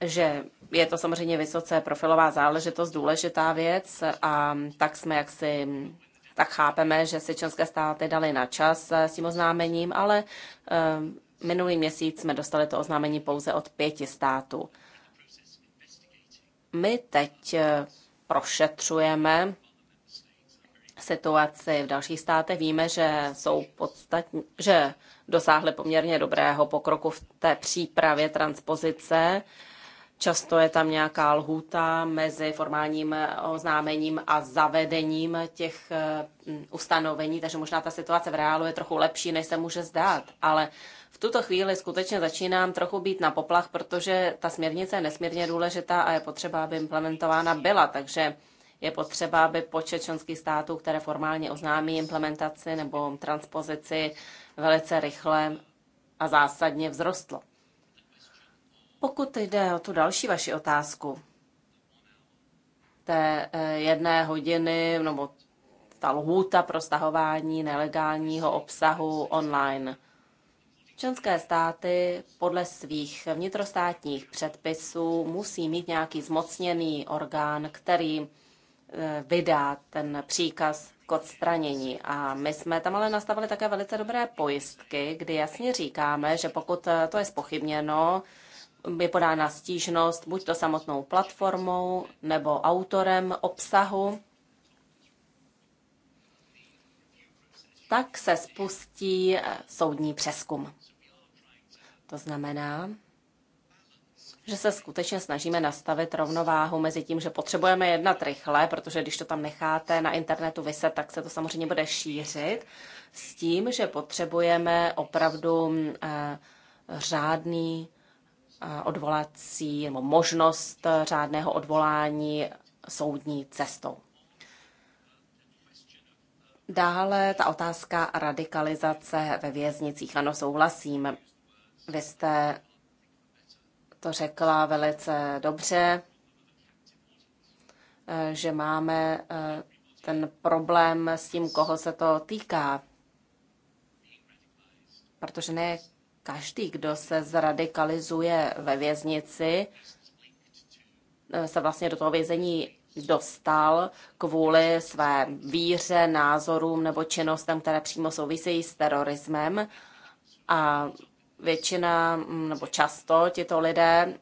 že je to samozřejmě vysoce profilová záležitost, důležitá věc a tak jsme jaksi tak chápeme, že si členské státy dali na čas eh, s tím oznámením, ale eh, minulý měsíc jsme dostali to oznámení pouze od pěti států. My teď eh, prošetřujeme situaci v dalších státech. Víme, že jsou podstatní, že dosáhly poměrně dobrého pokroku v té přípravě transpozice Často je tam nějaká lhůta mezi formálním eh, oznámením a zavedením těch eh, ustanovení, takže možná ta situace v reálu je trochu lepší, než se může zdát. Ale v tuto chvíli skutečně začínám trochu být na poplach, protože ta směrnice je nesmírně důležitá a je potřeba, aby implementována byla. Takže je potřeba, aby počet členských států, které formálně oznámí implementaci nebo transpozici velice rychle a zásadně vzrostlo. Pokud jde o tu další vaši otázku, té e, jedné hodiny, nebo ta lhůta pro stahování nelegálního obsahu online. Členské státy podle svých vnitrostátních předpisů musí mít nějaký zmocněný orgán, který e, vydá ten příkaz k odstranění. A my jsme tam ale nastavili také velice dobré pojistky, kdy jasně říkáme, že pokud e, to je spochybněno, je podána stížnost buď to samotnou platformou nebo autorem obsahu. Tak se spustí eh, soudní přeskum. To znamená, že se skutečně snažíme nastavit rovnováhu mezi tím, že potřebujeme jednat rychle, protože když to tam necháte na internetu vyset, tak se to samozřejmě bude šířit, s tím, že potřebujeme opravdu eh, řádný odvolací nebo možnost řádného odvolání soudní cestou. Dále ta otázka radikalizace ve věznicích. Ano, souhlasím. Vy jste to řekla velice dobře, že máme eh, ten problém s tím, koho se to týká. Protože ne každý, kdo se zradikalizuje ve věznici, eh, se vlastně do toho vězení dostal kvůli své víře, názorům nebo činnostem, které přímo souvisejí s terorismem. A většina mm, nebo často tito lidé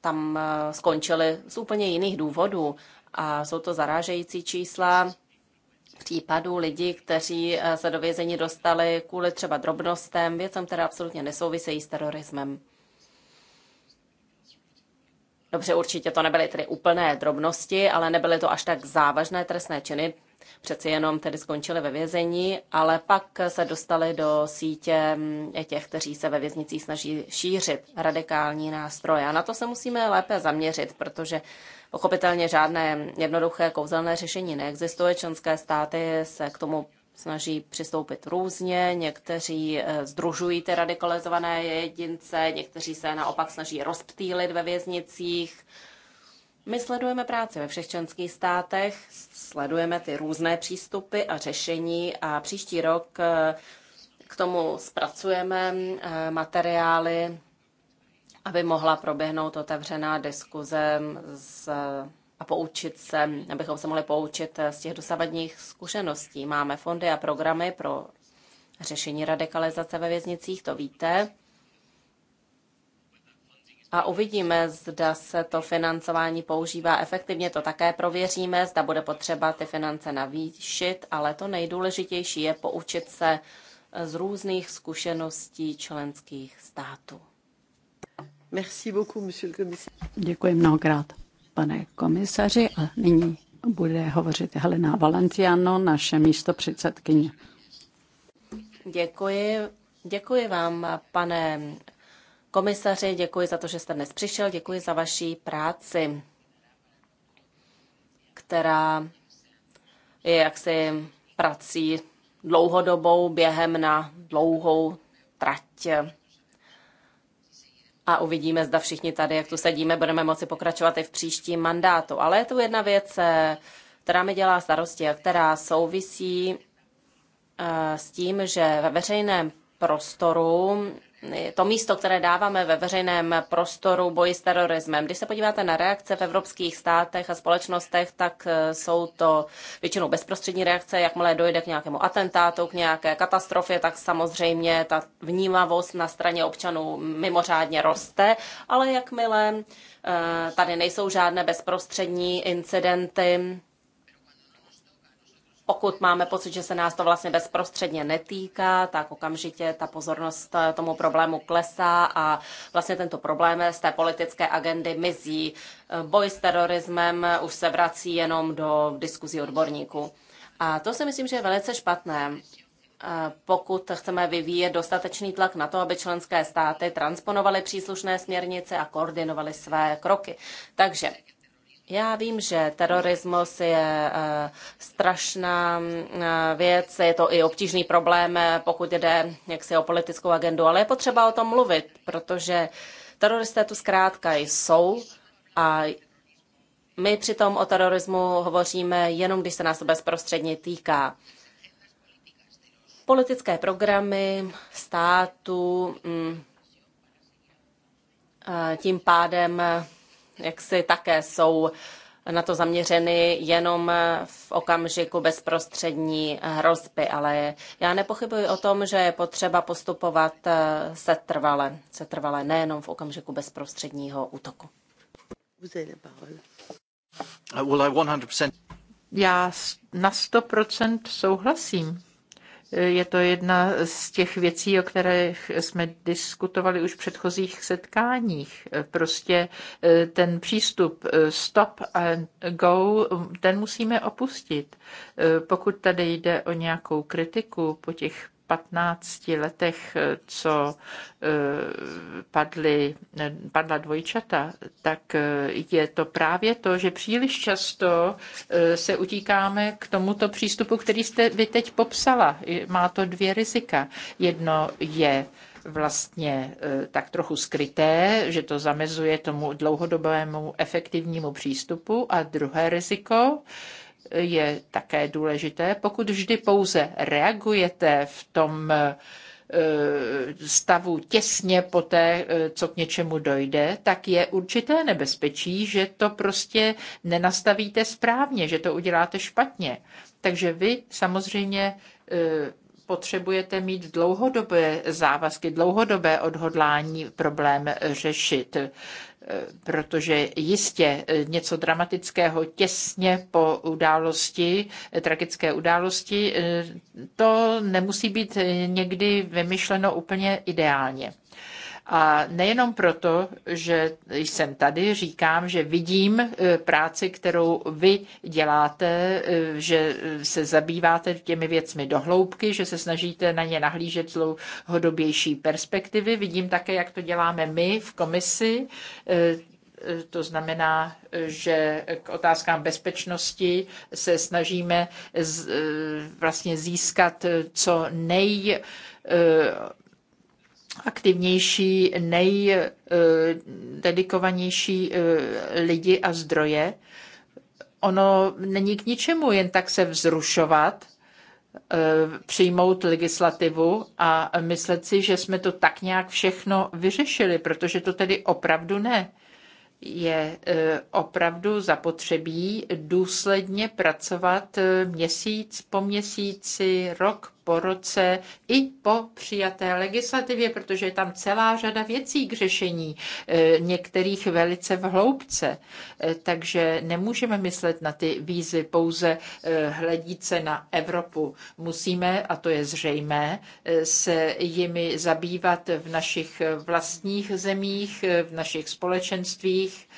tam eh, skončili z úplně jiných důvodů. A jsou to zarážející čísla případů lidí, kteří eh, se do vězení dostali kvůli třeba drobnostem, věcem, které absolutně nesouvisejí s terorismem. Dobře, určitě to nebyly tedy úplné drobnosti, ale nebyly to až tak závažné trestné činy, přeci jenom tedy skončili ve vězení, ale pak se dostali do sítě mm, těch, kteří se ve věznicích snaží šířit radikální nástroje. A na to se musíme lépe zaměřit, protože pochopitelně žádné jednoduché kouzelné řešení neexistuje. Členské státy se k tomu snaží přistoupit různě, někteří eh, združují ty radikalizované jedince, někteří se naopak snaží rozptýlit ve věznicích, my sledujeme práci ve všech členských státech, sledujeme ty různé přístupy a řešení a příští rok eh, k tomu zpracujeme eh, materiály, aby mohla proběhnout otevřená diskuze mm, s a poučit se, abychom se mohli poučit eh, z těch dosavadních zkušeností. Máme fondy a programy pro řešení radikalizace ve věznicích, to víte a uvidíme, zda se to financování používá efektivně. To také prověříme, zda bude potřeba ty finance navýšit, ale to nejdůležitější je poučit se z různých zkušeností členských států. Merci beaucoup, monsieur le commissaire. Děkuji mnohokrát, pane komisaři. A nyní bude hovořit Helena Valenciano, naše místo předsedkyně. Děkuji. Děkuji vám, pane komisaři, děkuji za to, že jste dnes přišel, děkuji za vaší práci, která je jaksi prací dlouhodobou během na dlouhou trať. A uvidíme, zda všichni tady, jak tu sedíme, budeme moci pokračovat i v příštím mandátu. Ale je tu jedna věc, eh, která mi dělá starosti a která souvisí eh, s tím, že ve veřejném prostoru to místo, které dáváme ve veřejném prostoru boji s terorismem. Když se podíváte na reakce v evropských státech a společnostech, tak eh, jsou to většinou bezprostřední reakce. Jakmile dojde k nějakému atentátu, k nějaké katastrofě, tak samozřejmě ta vnímavost na straně občanů mimořádně roste, ale jakmile eh, tady nejsou žádné bezprostřední incidenty, pokud máme pocit, že se nás to vlastně bezprostředně netýká, tak okamžitě ta pozornost eh, tomu problému klesá a vlastně tento problém z té politické agendy mizí. Eh, Boj s terorismem eh, už se vrací jenom do diskuzí odborníků. A to si myslím, že je velice špatné pokud chceme vyvíjet dostatečný tlak na to, aby členské státy transponovaly příslušné směrnice a koordinovaly své kroky. Takže já vím, že terorismus je eh, strašná eh, věc, je to i obtížný problém, eh, pokud jde jaksi o politickou agendu, ale je potřeba o tom mluvit, protože teroristé tu zkrátka jsou a my přitom o terorismu hovoříme jenom, když se nás to bezprostředně týká. Politické programy státu mm, tím pádem jak si také jsou na to zaměřeny jenom v okamžiku bezprostřední hrozby, ale já nepochybuji o tom, že je potřeba postupovat eh, setrvale, setrvale nejenom v okamžiku bezprostředního útoku. Uh, já na 100% souhlasím. Je to jedna z těch věcí, o kterých jsme diskutovali už v předchozích setkáních. Prostě e, ten přístup e, stop and go, ten musíme opustit. E, pokud tady jde o nějakou kritiku po těch 15 letech, eh, co eh, padly, eh, padla dvojčata, tak je to právě to, že příliš často se utíkáme k tomuto přístupu, který jste vy teď popsala. Má to dvě rizika. Jedno je vlastně tak trochu skryté, že to zamezuje tomu dlouhodobému efektivnímu přístupu. A druhé riziko, je také důležité. Pokud vždy pouze reagujete v tom eh, stavu těsně po té, eh, co k něčemu dojde, tak je určité nebezpečí, že to prostě nenastavíte správně, že to uděláte špatně. Takže vy samozřejmě eh, potřebujete mít dlouhodobé závazky, dlouhodobé odhodlání problém řešit protože jistě e, něco dramatického těsně po události, e, tragické události, e, to nemusí být někdy vymyšleno úplně ideálně. A nejenom proto, že jsem tady, říkám, že vidím eh, práci, kterou vy děláte, eh, že eh, se zabýváte těmi věcmi dohloubky, že se snažíte na ně nahlížet dlouhodobější perspektivy. Vidím také, jak to děláme my v komisi, to znamená, že k otázkám bezpečnosti se snažíme z, vlastně získat co nej aktivnější, nejdedikovanější eh, lidi a zdroje. Ono není k ničemu jen tak se vzrušovat, eh, přijmout legislativu a myslet si, že jsme to tak nějak všechno vyřešili, protože to tedy opravdu ne. Je eh, opravdu zapotřebí důsledně pracovat měsíc po měsíci, rok po roce i po přijaté legislativě, protože je tam celá řada věcí k řešení, eh, některých velice v hloubce. Eh, takže nemůžeme myslet na ty výzvy pouze eh, hledíce na Evropu. Musíme, a to je zřejmé, se jimi zabývat v našich vlastních zemích, v našich společenstvích,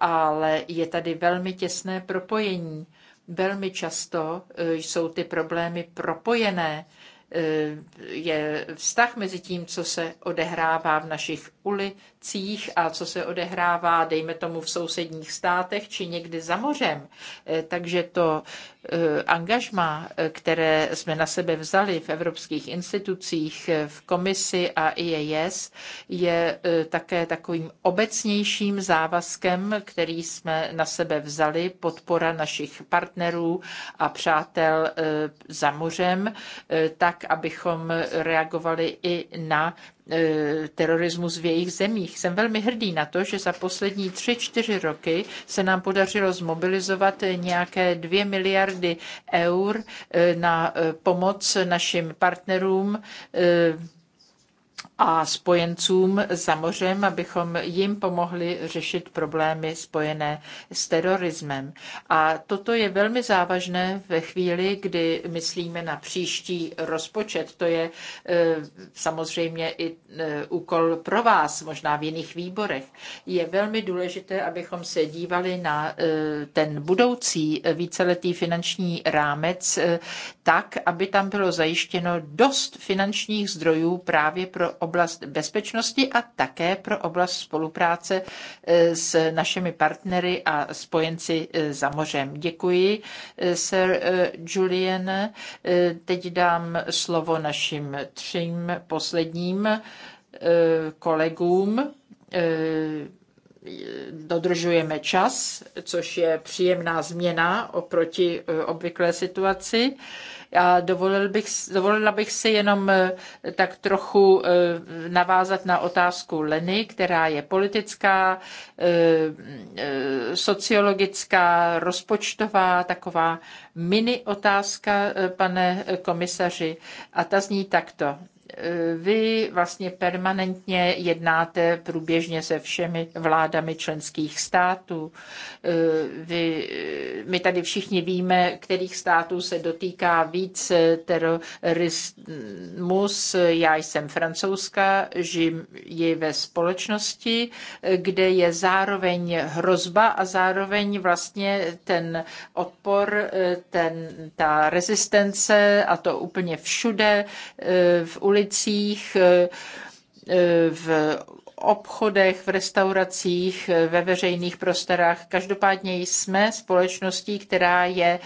ale je tady velmi těsné propojení Velmi často eh, jsou ty problémy propojené. Eh, je vztah mezi tím, co se odehrává v našich ulicích a co se odehrává, dejme tomu, v sousedních státech či někdy za mořem. Eh, takže to Eh, angažma, eh, které jsme na sebe vzali v evropských institucích, eh, v komisi a IES, je také takovým obecnějším závazkem, který jsme na sebe vzali, podpora našich partnerů a přátel za mořem, tak, abychom reagovali i na E, terorismus v jejich zemích. Jsem velmi hrdý na to, že za poslední tři, čtyři roky se nám podařilo zmobilizovat nějaké dvě miliardy eur e, na e, pomoc našim partnerům a spojencům za mořem, abychom jim pomohli řešit problémy spojené s terorismem. A toto je velmi závažné ve chvíli, kdy myslíme na příští rozpočet. To je e, samozřejmě i e, úkol pro vás, možná v jiných výborech. Je velmi důležité, abychom se dívali na e, ten budoucí víceletý finanční rámec tak, aby tam bylo zajištěno dost finančních zdrojů právě pro oblast bezpečnosti a také pro oblast spolupráce e, s našimi partnery a spojenci e, za mořem. Děkuji, e, sir Julian. Teď dám slovo našim třím posledním kolegům dodržujeme čas, což je příjemná změna oproti e, obvyklé situaci. A dovolil bych, dovolila bych si jenom e, tak trochu e, navázat na otázku Leny, která je politická, sociologická, rozpočtová, taková mini otázka, pane komisaři. A ta zní takto. Eh, vy vlastně permanentně jednáte průběžně se všemi vládami členských států. Eh, vy, eh, my tady všichni víme, kterých států se dotýká víc terorismus. Já jsem francouzská, žiji ve společnosti, kde je zároveň hrozba a zároveň vlastně ten odpor, ten, ta rezistence a to úplně všude v ulicích, eh, eh, v obchodech, v restauracích, eh, ve veřejných prostorách. Každopádně jsme společností, která je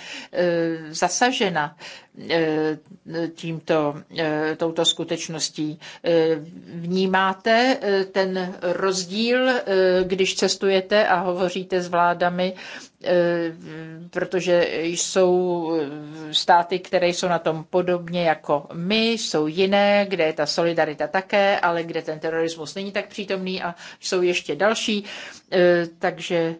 zasažena E, tímto, e, touto skutečností. E, vnímáte ten rozdíl, když cestujete a hovoříte s vládami, protože jsou státy, které jsou na tom podobně jako my, jsou jiné, kde je ta solidarita také, ale kde ten terorismus není tak přítomný a jsou ještě další. Takže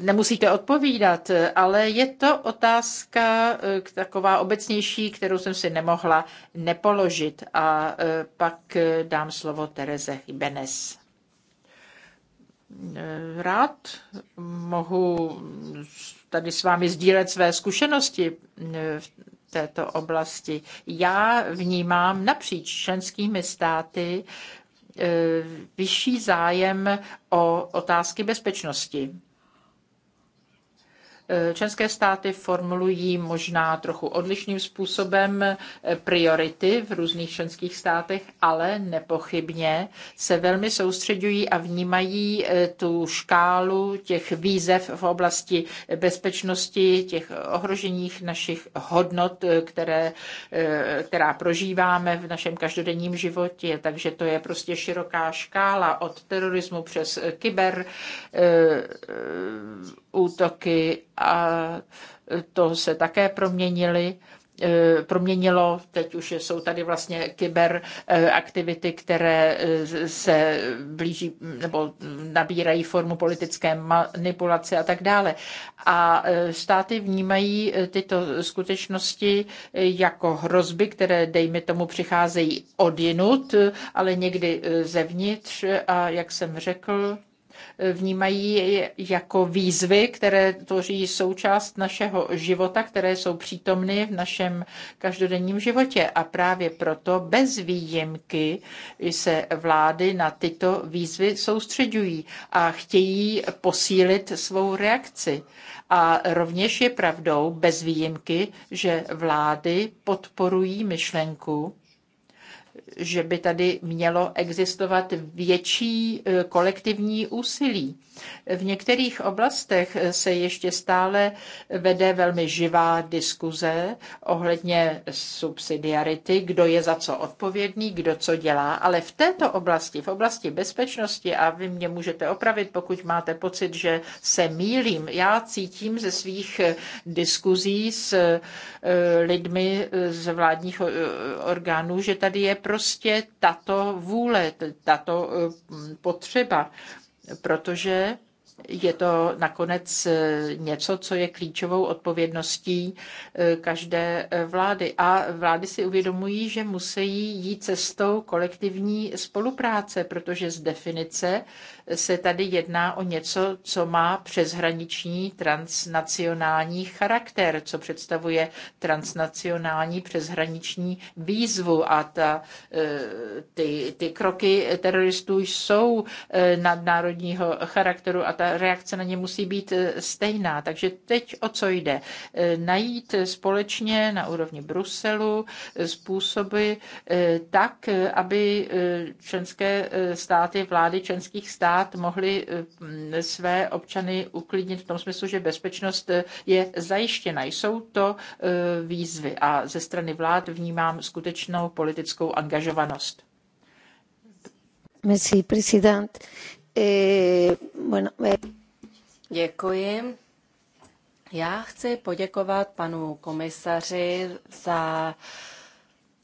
nemusíte odpovídat, ale je to otázka taková obecnější nejdůležitější, kterou jsem si nemohla nepoložit. A e, pak e, dám slovo Tereze Ibenes. E, rád mohu tady s vámi sdílet své zkušenosti v této oblasti. Já vnímám napříč členskými státy vyšší zájem o otázky bezpečnosti. Eh, členské státy formulují možná trochu odlišným způsobem eh, priority v různých členských státech, ale nepochybně se velmi soustředují a vnímají eh, tu škálu těch výzev v oblasti bezpečnosti, těch ohroženích našich hodnot, které, která prožíváme v našem každodenním životě. Takže to je prostě široká škála od terorismu přes kyber útoky a e, to se také proměnili e, proměnilo. Teď už jsou tady vlastně kyberaktivity, e, které se blíží nebo nabírají formu politické manipulace a tak dále. A státy vnímají tyto skutečnosti jako hrozby, které, dejme tomu, přicházejí jinut, ale někdy zevnitř a, jak jsem řekl, vnímají jako výzvy, které tvoří součást našeho života, které jsou přítomny v našem každodenním životě. A právě proto bez výjimky se vlády na tyto výzvy soustředují a chtějí posílit svou reakci. A rovněž je pravdou bez výjimky, že vlády podporují myšlenku, že by tady mělo existovat větší e, kolektivní úsilí. V některých oblastech se ještě stále vede velmi živá diskuze ohledně subsidiarity, kdo je za co odpovědný, kdo co dělá, ale v této oblasti, v oblasti bezpečnosti, a vy mě můžete opravit, pokud máte pocit, že se mílím, já cítím ze svých e, diskuzí s e, lidmi z vládních orgánů, že tady je prostě tato vůle, tato eh, potřeba, protože je to nakonec eh, něco, co je klíčovou odpovědností eh, každé vlády. A vlády si uvědomují, že musí jít cestou kolektivní spolupráce, protože z definice se tady jedná o něco, co má přeshraniční transnacionální charakter, co představuje transnacionální přeshraniční výzvu a ta, e, ty, ty kroky teroristů jsou e, nadnárodního charakteru a ta reakce na ně musí být e, stejná. Takže teď o co jde? Najít společně na úrovni Bruselu způsoby tak, aby členské státy, vlády členských států stát mohli eh, své občany uklidnit v tom smyslu, že bezpečnost eh, je zajištěna. Jsou to eh, výzvy a ze strany vlád vnímám skutečnou politickou angažovanost. Merci, prezident. Děkuji. Já chci poděkovat panu komisaři za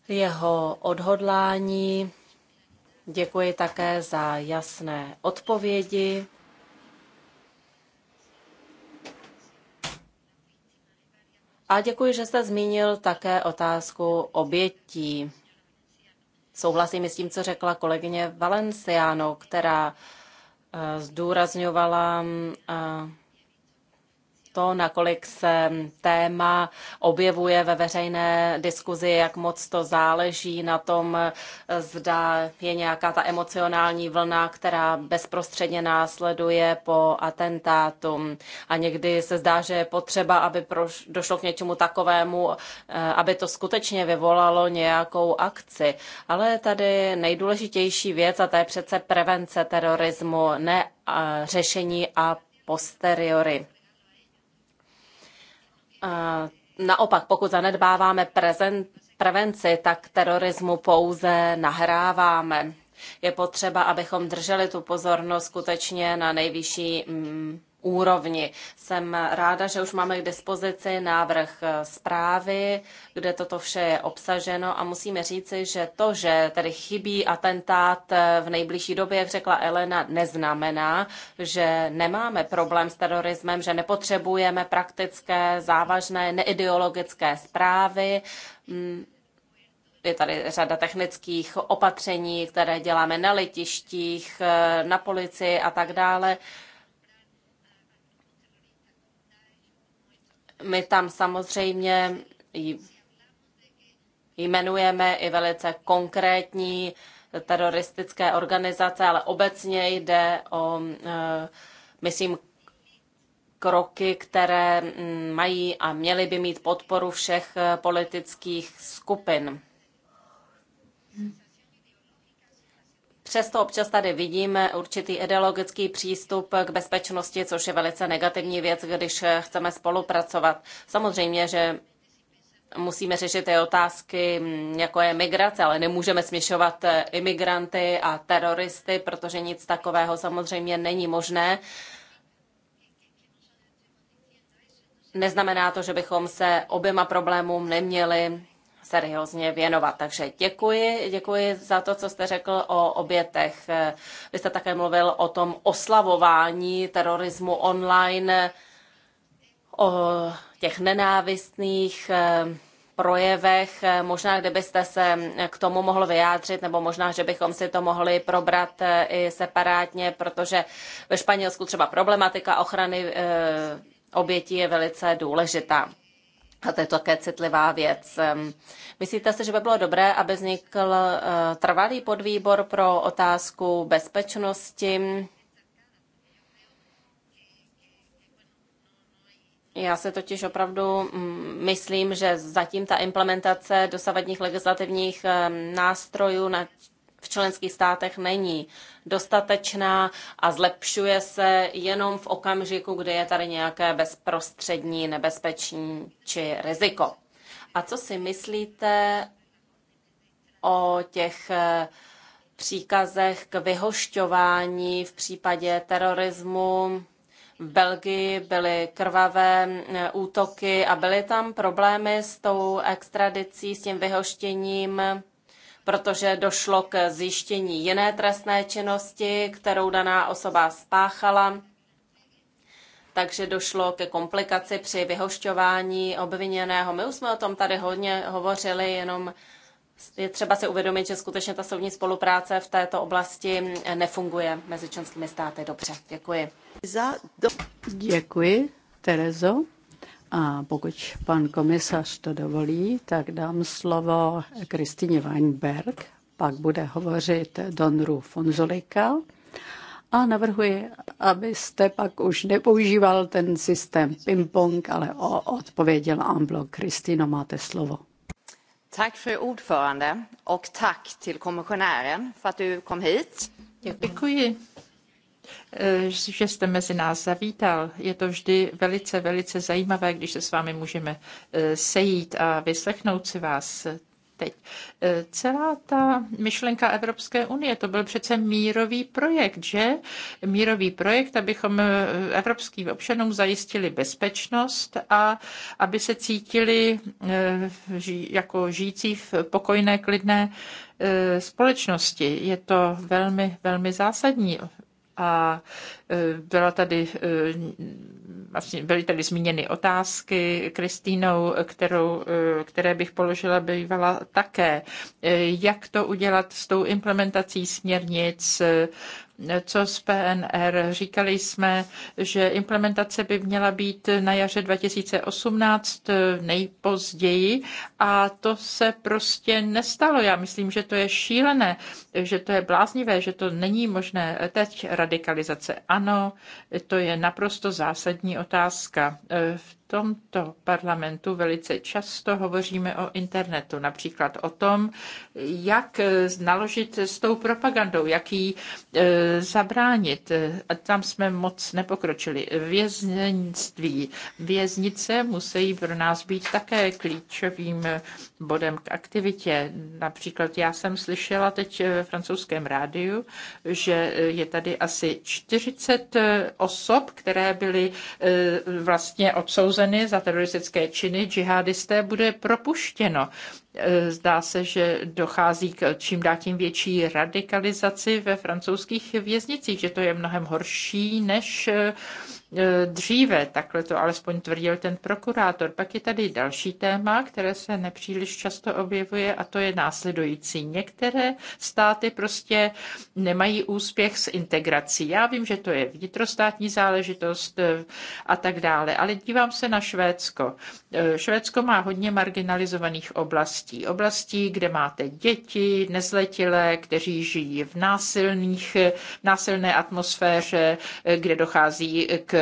jeho odhodlání Děkuji také za jasné odpovědi. A děkuji, že jste zmínil také otázku obětí. Souhlasím s tím, co řekla kolegyně Valenciano, která eh, zdůrazňovala eh, to, nakolik se téma objevuje ve veřejné diskuzi, jak moc to záleží na tom, zda je nějaká ta emocionální vlna, která bezprostředně následuje po atentátu. A někdy se zdá, že je potřeba, aby došlo k něčemu takovému, eh, aby to skutečně vyvolalo nějakou akci. Ale tady nejdůležitější věc, a to je přece prevence terorismu, ne eh, řešení a posteriori. Naopak, pokud zanedbáváme prevenci, tak terorismu pouze nahráváme. Je potřeba, abychom drželi tu pozornost skutečně na nejvyšší mm, úrovni. Jsem ráda, že už máme k dispozici návrh eh, zprávy, kde toto vše je obsaženo a musíme říci, že to, že tady chybí atentát eh, v nejbližší době, jak řekla Elena, neznamená, že nemáme problém s terorismem, že nepotřebujeme praktické, závažné, neideologické zprávy mm, je tady řada technických opatření, které děláme na letištích, eh, na policii a tak dále. My tam samozřejmě jmenujeme i velice konkrétní teroristické organizace, ale obecně jde o, e, myslím, kroky, které mají a měly by mít podporu všech e, politických skupin. Přesto občas tady vidíme určitý ideologický přístup k bezpečnosti, což je velice negativní věc, když chceme spolupracovat. Samozřejmě, že musíme řešit i otázky, mm, jako je migrace, ale nemůžeme směšovat eh, imigranty a teroristy, protože nic takového samozřejmě není možné. Neznamená to, že bychom se oběma problémům neměli seriózně věnovat. Takže děkuji, děkuji za to, co jste řekl o obětech. Vy jste také mluvil o tom oslavování terorismu online, o těch nenávistných eh, projevech. Možná, kdybyste se k tomu mohl vyjádřit, nebo možná, že bychom si to mohli probrat eh, i separátně, protože ve Španělsku třeba problematika ochrany eh, obětí je velice důležitá. A to je také citlivá věc. Myslíte si, že by bylo dobré, aby vznikl eh, trvalý podvýbor pro otázku bezpečnosti? Já se totiž opravdu mm, myslím, že zatím ta implementace dosavadních legislativních nástrojů, na v členských státech není dostatečná a zlepšuje se jenom v okamžiku, kdy je tady nějaké bezprostřední nebezpečí či riziko. A co si myslíte o těch eh, příkazech k vyhošťování v případě terorismu? V Belgii byly krvavé eh, útoky a byly tam problémy s tou extradicí, s tím vyhoštěním protože došlo k zjištění jiné trestné činnosti, kterou daná osoba spáchala, takže došlo ke komplikaci při vyhošťování obviněného. My už jsme o tom tady hodně hovořili, jenom je třeba si uvědomit, že skutečně ta soudní spolupráce v této oblasti nefunguje mezi členskými státy dobře. Děkuji. Děkuji, Terezo. A pokud pan komisař to dovolí, tak dám slovo Kristině Weinberg, pak bude hovořit Donru Fonzolika a navrhuji, abyste pak už nepoužíval ten systém ping-pong, ale o, odpověděl Amblo. Kristýno, máte slovo. Tak, fru ordförande och tak till kommissionären för att du kom hit. Děkuji. Eh, že jste mezi nás zavítal. Je to vždy velice, velice zajímavé, když se s vámi můžeme eh, sejít a vyslechnout si vás eh, teď. Celá ta myšlenka Evropské unie, to byl přece mírový projekt, že? Mírový projekt, abychom evropským občanům zajistili bezpečnost a aby se cítili jako žijící v pokojné, klidné společnosti. Je to velmi, velmi zásadní a e, byla tady, e, vlastně byly tady zmíněny otázky Kristýnou, kterou, e, které bych položila bývala také. Jak to udělat s tou implementací směrnic co z PNR. Říkali jsme, že implementace by měla být na jaře 2018 eh, nejpozději a to se prostě nestalo. Já myslím, že to je šílené, že to je bláznivé, že to není možné. Teď radikalizace. Ano, to je naprosto zásadní otázka. V eh, tomto parlamentu velice často hovoříme o internetu, například o tom, jak eh, naložit s tou propagandou, jak ji eh, zabránit. A tam jsme moc nepokročili. Věznictví. Věznice musí pro nás být také klíčovým eh, bodem k aktivitě. Například já jsem slyšela teď ve francouzském rádiu, že je tady asi 40 osob, které byly vlastně odsouzeny odsouzeny za teroristické činy džihadisté, bude propuštěno. E, zdá se, že dochází k čím dál tím větší radikalizaci ve francouzských věznicích, že to je mnohem horší než e, E, dříve, takhle to alespoň tvrdil ten prokurátor. Pak je tady další téma, které se nepříliš často objevuje a to je následující. Některé státy prostě nemají úspěch s integrací. Já vím, že to je vnitrostátní záležitost e, a tak dále, ale dívám se na Švédsko. E, Švédsko má hodně marginalizovaných oblastí. Oblastí, kde máte děti, nezletilé, kteří žijí v násilných, násilné atmosféře, kde dochází k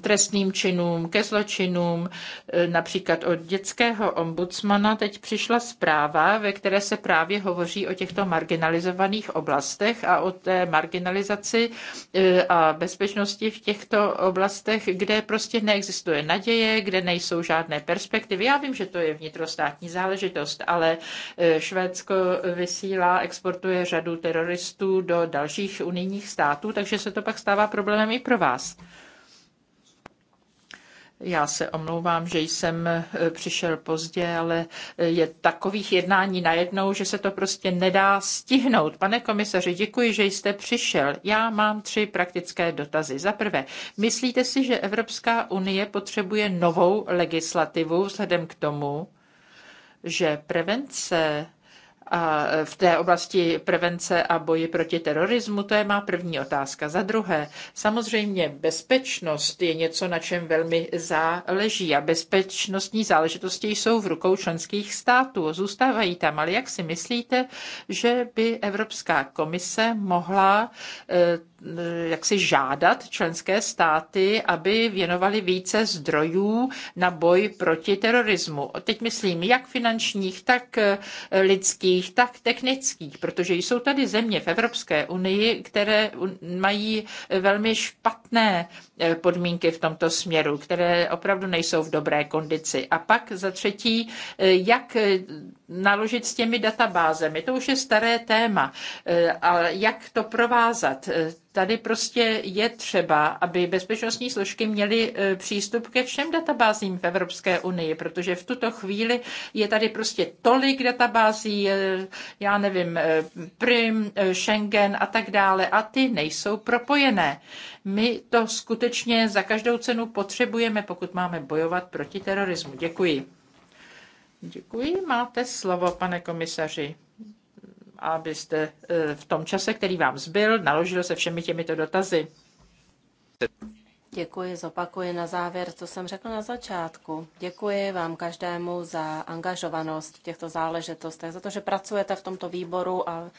trestným činům, ke zločinům. E, například od dětského ombudsmana teď přišla zpráva, ve které se právě hovoří o těchto marginalizovaných oblastech a o té marginalizaci e, a bezpečnosti v těchto oblastech, kde prostě neexistuje naděje, kde nejsou žádné perspektivy. Já vím, že to je vnitrostátní záležitost, ale e, Švédsko vysílá, exportuje řadu teroristů do dalších unijních států, takže se to pak stává problémem i pro vás. Já se omlouvám, že jsem e, přišel pozdě, ale e, je takových jednání najednou, že se to prostě nedá stihnout. Pane komisaři, děkuji, že jste přišel. Já mám tři praktické dotazy. Za prvé, myslíte si, že Evropská unie potřebuje novou legislativu vzhledem k tomu, že prevence a v té oblasti prevence a boji proti terorismu, to je má první otázka. Za druhé, samozřejmě bezpečnost je něco, na čem velmi záleží a bezpečnostní záležitosti jsou v rukou členských států, zůstávají tam, ale jak si myslíte, že by Evropská komise mohla eh, Eh, jak si žádat členské státy, aby věnovali více zdrojů na boj proti terorismu. Teď myslím jak finančních, tak eh, lidských, tak technických, protože jsou tady země v Evropské unii, které mají velmi špatné eh, podmínky v tomto směru, které opravdu nejsou v dobré kondici. A pak za třetí, jak naložit s těmi databázemi. To už je staré téma, ale jak to provázat? E, tady prostě je třeba, aby bezpečnostní složky měly e, přístup ke všem databázím v Evropské unii, protože v tuto chvíli je tady prostě tolik databází, e, já nevím, Prim, Schengen a tak dále, a ty nejsou propojené. My to skutečně za každou cenu potřebujeme, pokud máme bojovat proti terorismu. Děkuji. Děkuji. Máte slovo, pane komisaři, abyste eh, v tom čase, který vám zbyl, naložil se všemi těmito dotazy. Děkuji, zopakuji na závěr, co jsem řekl na začátku. Děkuji vám každému za angažovanost v těchto záležitostech, za to, že pracujete v tomto výboru a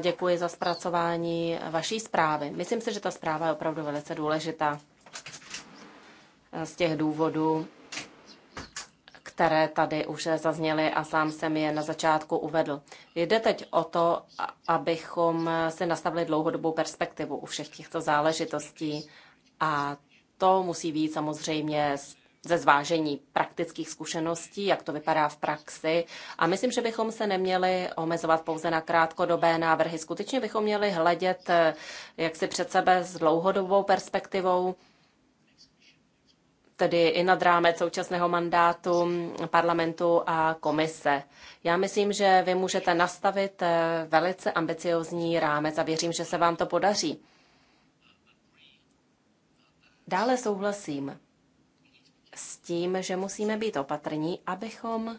děkuji za zpracování vaší zprávy. Myslím si, že ta zpráva je opravdu velice důležitá z těch důvodů, které tady už zazněly a sám jsem je na začátku uvedl. Jde teď o to, abychom si nastavili dlouhodobou perspektivu u všech těchto záležitostí a to musí být samozřejmě ze zvážení praktických zkušeností, jak to vypadá v praxi. A myslím, že bychom se neměli omezovat pouze na krátkodobé návrhy. Skutečně bychom měli hledět, eh, jak si před sebe s dlouhodobou perspektivou tedy i nad rámec současného mandátu parlamentu a komise. Já myslím, že vy můžete nastavit eh, velice ambiciozní rámec a věřím, že se vám to podaří. Dále souhlasím s tím, že musíme být opatrní, abychom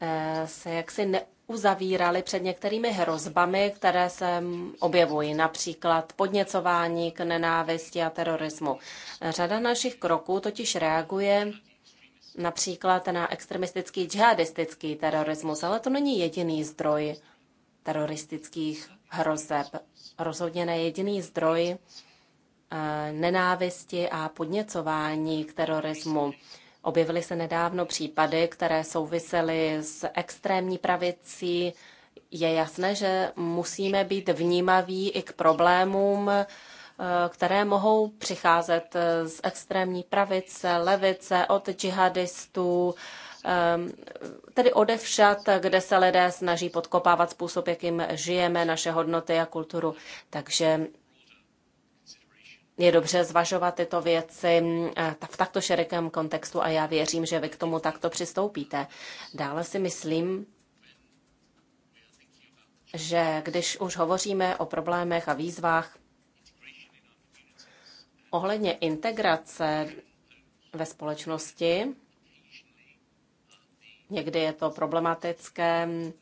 eh, se jaksi ne, uzavírali před některými hrozbami, které se objevují, například podněcování k nenávisti a terorismu. Řada našich kroků totiž reaguje například na extremistický džihadistický terorismus, ale to není jediný zdroj teroristických hrozeb. Rozhodně ne jediný zdroj eh, nenávisti a podněcování k terorismu. Objevily se nedávno případy, které souvisely s extrémní pravicí. Je jasné, že musíme být vnímaví i k problémům, eh, které mohou přicházet eh, z extrémní pravice, levice, od džihadistů, eh, tedy odevšat, kde se lidé snaží podkopávat způsob, jakým žijeme, naše hodnoty a kulturu. Takže je dobře zvažovat tyto věci mm, eh, v takto širokém kontextu a já věřím, že vy k tomu takto přistoupíte. Dále si myslím, že když už hovoříme o problémech a výzvách ohledně integrace ve společnosti, někdy je to problematické mm,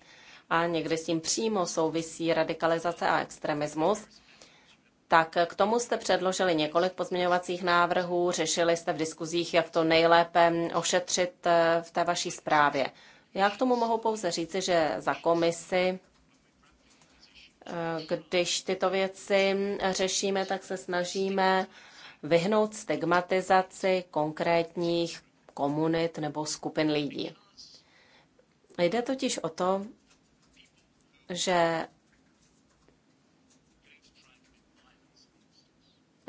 a někdy s tím přímo souvisí radikalizace a extremismus, tak k tomu jste předložili několik pozměňovacích návrhů, řešili jste v diskuzích, jak to nejlépe ošetřit eh, v té vaší zprávě. Já k tomu mohu pouze říci, že za komisi, eh, když tyto věci řešíme, tak se snažíme vyhnout stigmatizaci konkrétních komunit nebo skupin lidí. Jde totiž o to, že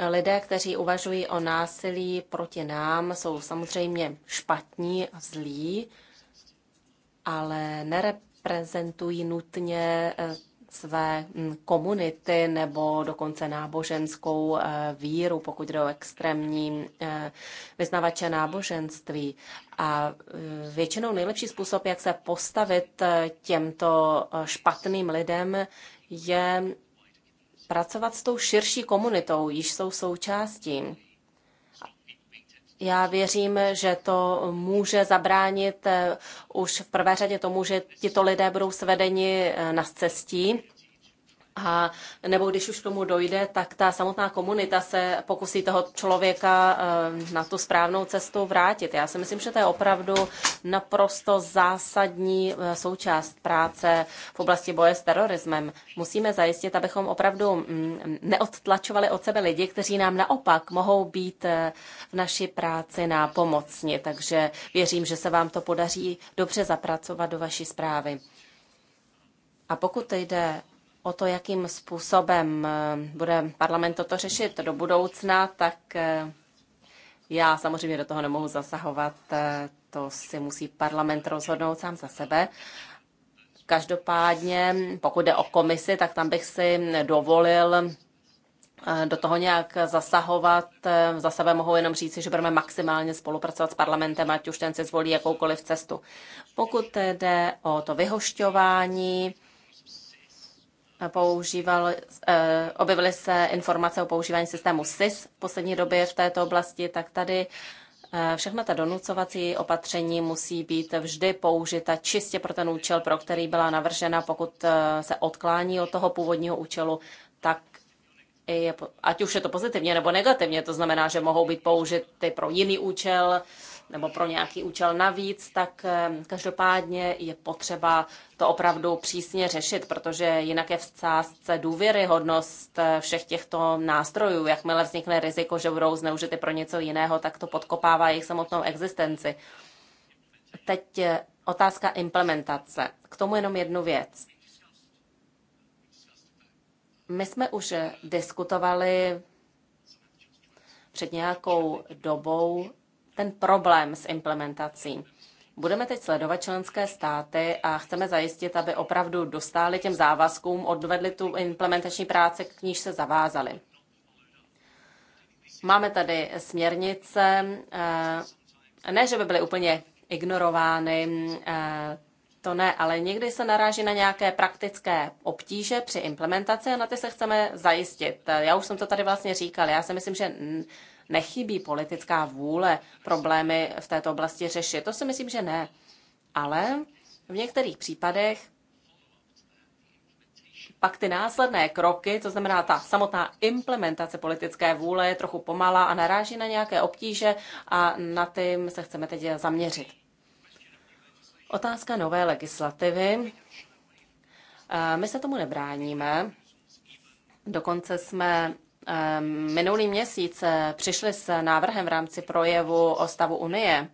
Lidé, kteří uvažují o násilí proti nám, jsou samozřejmě špatní a zlí, ale nereprezentují nutně eh, své hm, komunity nebo dokonce náboženskou eh, víru, pokud jde o extrémní eh, vyznavače náboženství. A většinou nejlepší způsob, jak se postavit těmto špatným lidem, je pracovat s tou širší komunitou, již jsou součástí. Já věřím, že to může zabránit eh, už v prvé řadě tomu, že tito lidé budou svedeni eh, na cestí a nebo když už k tomu dojde, tak ta samotná komunita se pokusí toho člověka eh, na tu správnou cestu vrátit. Já si myslím, že to je opravdu naprosto zásadní eh, součást práce v oblasti boje s terorismem. Musíme zajistit, abychom opravdu mm, neodtlačovali od sebe lidi, kteří nám naopak mohou být eh, v naší práci na pomocni. Takže věřím, že se vám to podaří dobře zapracovat do vaší zprávy. A pokud jde o to, jakým způsobem eh, bude parlament toto řešit do budoucna, tak eh, já samozřejmě do toho nemohu zasahovat, eh, to si musí parlament rozhodnout sám za sebe. Každopádně, pokud jde o komisi, tak tam bych si dovolil do toho nějak zasahovat. Za sebe mohu jenom říci, že budeme maximálně spolupracovat s parlamentem, ať už ten si zvolí jakoukoliv cestu. Pokud jde o to vyhošťování, používal, eh, objevily se informace o používání systému SIS v poslední době v této oblasti, tak tady eh, všechna ta donucovací opatření musí být vždy použita čistě pro ten účel, pro který byla navržena. Pokud eh, se odklání od toho původního účelu, tak je, ať už je to pozitivně nebo negativně, to znamená, že mohou být použity pro jiný účel, nebo pro nějaký účel navíc, tak eh, každopádně je potřeba to opravdu přísně řešit, protože jinak je v sázce důvěryhodnost eh, všech těchto nástrojů. Jakmile vznikne riziko, že budou zneužity pro něco jiného, tak to podkopává jejich samotnou existenci. Teď eh, otázka implementace. K tomu jenom jednu věc. My jsme už diskutovali před nějakou dobou ten problém s implementací. Budeme teď sledovat členské státy a chceme zajistit, aby opravdu dostáli těm závazkům, odvedli tu implementační práci, k níž se zavázali. Máme tady směrnice, eh, ne, že by byly úplně ignorovány, eh, to ne, ale někdy se naráží na nějaké praktické obtíže při implementaci a na ty se chceme zajistit. Já už jsem to tady vlastně říkal. Já si myslím, že nechybí politická vůle problémy v této oblasti řešit. To si myslím, že ne. Ale v některých případech pak ty následné kroky, to znamená ta samotná implementace politické vůle je trochu pomalá a naráží na nějaké obtíže a na tím se chceme teď zaměřit. Otázka nové legislativy. My se tomu nebráníme. Dokonce jsme Ehm, minulý měsíc eh, přišli s návrhem v rámci projevu o stavu Unie.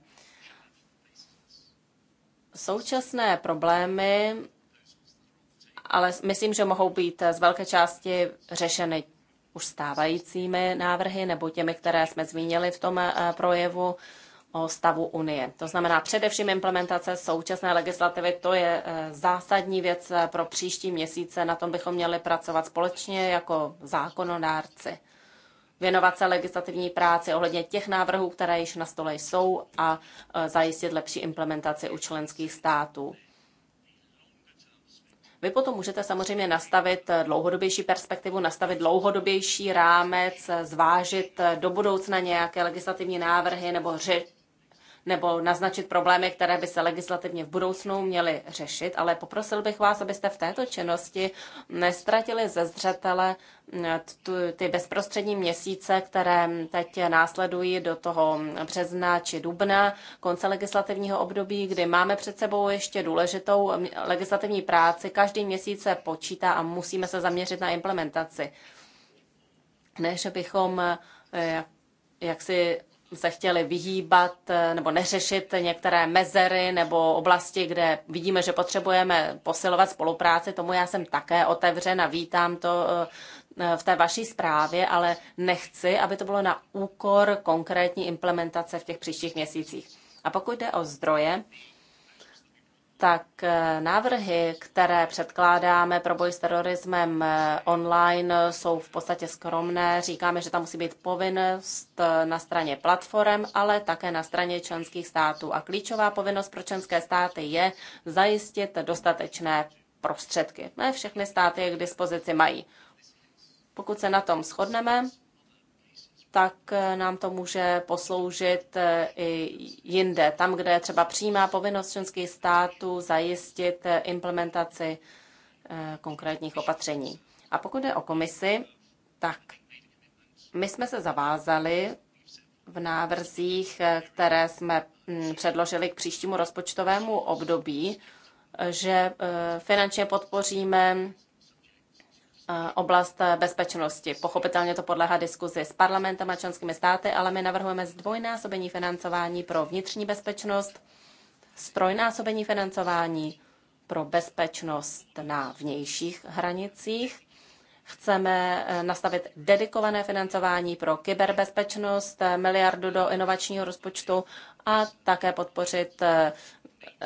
Současné problémy, ale myslím, že mohou být eh, z velké části řešeny už stávajícími návrhy nebo těmi, které jsme zmínili v tom eh, projevu o stavu Unie. To znamená především implementace současné legislativy, to je eh, zásadní věc eh, pro příští měsíce, na tom bychom měli pracovat společně jako zákonodárci. Věnovat se legislativní práci ohledně těch návrhů, které již na stole jsou a eh, zajistit lepší implementaci u členských států. Vy potom můžete samozřejmě nastavit dlouhodobější perspektivu, nastavit dlouhodobější rámec, zvážit do budoucna nějaké legislativní návrhy nebo řešit nebo naznačit problémy, které by se legislativně v budoucnu měly řešit, ale poprosil bych vás, abyste v této činnosti nestratili ze zřetele mm, ty bezprostřední měsíce, které teď následují do toho března či dubna, konce legislativního období, kdy máme před sebou ještě důležitou legislativní práci. Každý měsíc se počítá a musíme se zaměřit na implementaci. Ne, že bychom eh, jak si se chtěli vyhýbat eh, nebo neřešit některé mezery nebo oblasti, kde vidíme, že potřebujeme posilovat spolupráci. Tomu já jsem také otevřena, vítám to eh, eh, v té vaší zprávě, ale nechci, aby to bylo na úkor konkrétní implementace v těch příštích měsících. A pokud jde o zdroje, tak eh, návrhy, které předkládáme pro boj s terorismem eh, online, jsou v podstatě skromné. Říkáme, že tam musí být povinnost eh, na straně platform, ale také na straně členských států. A klíčová povinnost pro členské státy je zajistit dostatečné prostředky. Ne všechny státy je k dispozici mají. Pokud se na tom shodneme, tak eh, nám to může posloužit eh, i jinde. Tam, kde je třeba přímá povinnost členských států zajistit eh, implementaci konkrétních opatření. A pokud je o komisi, tak my jsme se zavázali v návrzích, které jsme mm, předložili k příštímu rozpočtovému období, že finančně podpoříme Eh, oblast bezpečnosti. Pochopitelně to podlehá diskuzi s parlamentem a členskými státy, ale my navrhujeme zdvojnásobení financování pro vnitřní bezpečnost, strojnásobení financování pro bezpečnost na vnějších hranicích. Chceme eh, nastavit dedikované financování pro kyberbezpečnost, eh, miliardu do inovačního rozpočtu a také podpořit eh,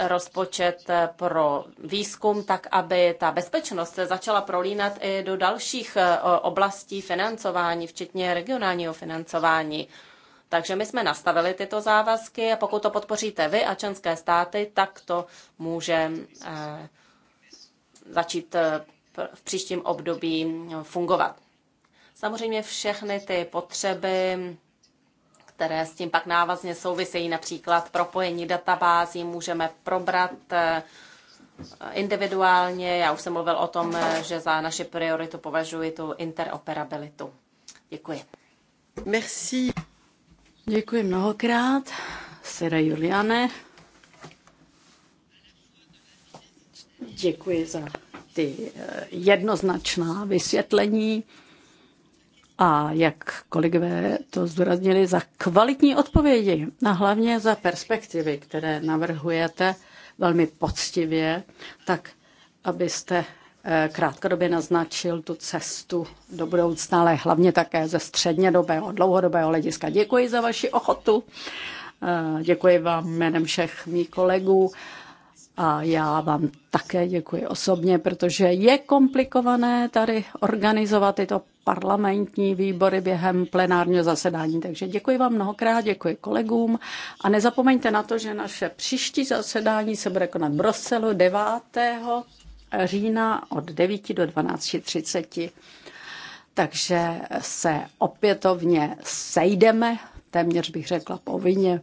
rozpočet eh, pro výzkum, tak aby ta bezpečnost se začala prolínat i do dalších eh, oblastí financování, včetně regionálního financování. Takže my jsme nastavili tyto závazky a pokud to podpoříte vy a členské státy, tak to může začít v příštím období fungovat. Samozřejmě všechny ty potřeby které s tím pak návazně souvisejí, například propojení databází, můžeme probrat eh, individuálně. Já už jsem mluvil o tom, eh, že za naši prioritu považuji tu interoperabilitu. Děkuji. Merci. Děkuji mnohokrát, Sera Juliane. Děkuji za ty eh, jednoznačná vysvětlení a jak kolegové to zdůraznili, za kvalitní odpovědi a hlavně za perspektivy, které navrhujete velmi poctivě, tak abyste eh, krátkodobě naznačil tu cestu do budoucna, ale hlavně také ze střednědobého, dlouhodobého hlediska. Děkuji za vaši ochotu, eh, děkuji vám jménem všech mých kolegů a já vám také děkuji osobně, protože je komplikované tady organizovat tyto parlamentní výbory během plenárního zasedání. Takže děkuji vám mnohokrát, děkuji kolegům a nezapomeňte na to, že naše příští zasedání se bude konat v Bruselu 9. října od 9 do 12.30. Takže se opětovně sejdeme, téměř bych řekla povinně,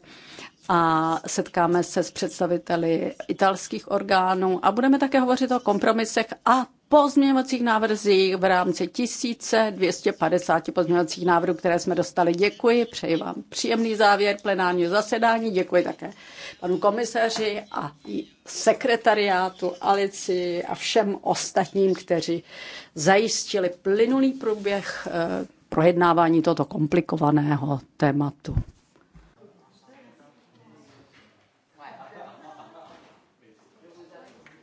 a setkáme se s představiteli italských orgánů a budeme také hovořit o kompromisech a pozměňovacích návrzích v rámci 1250 pozměňovacích návrhů, které jsme dostali. Děkuji, přeji vám příjemný závěr plenárního zasedání, děkuji také panu komisaři a i sekretariátu Alici a všem ostatním, kteří zajistili plynulý průběh eh, projednávání tohoto komplikovaného tématu.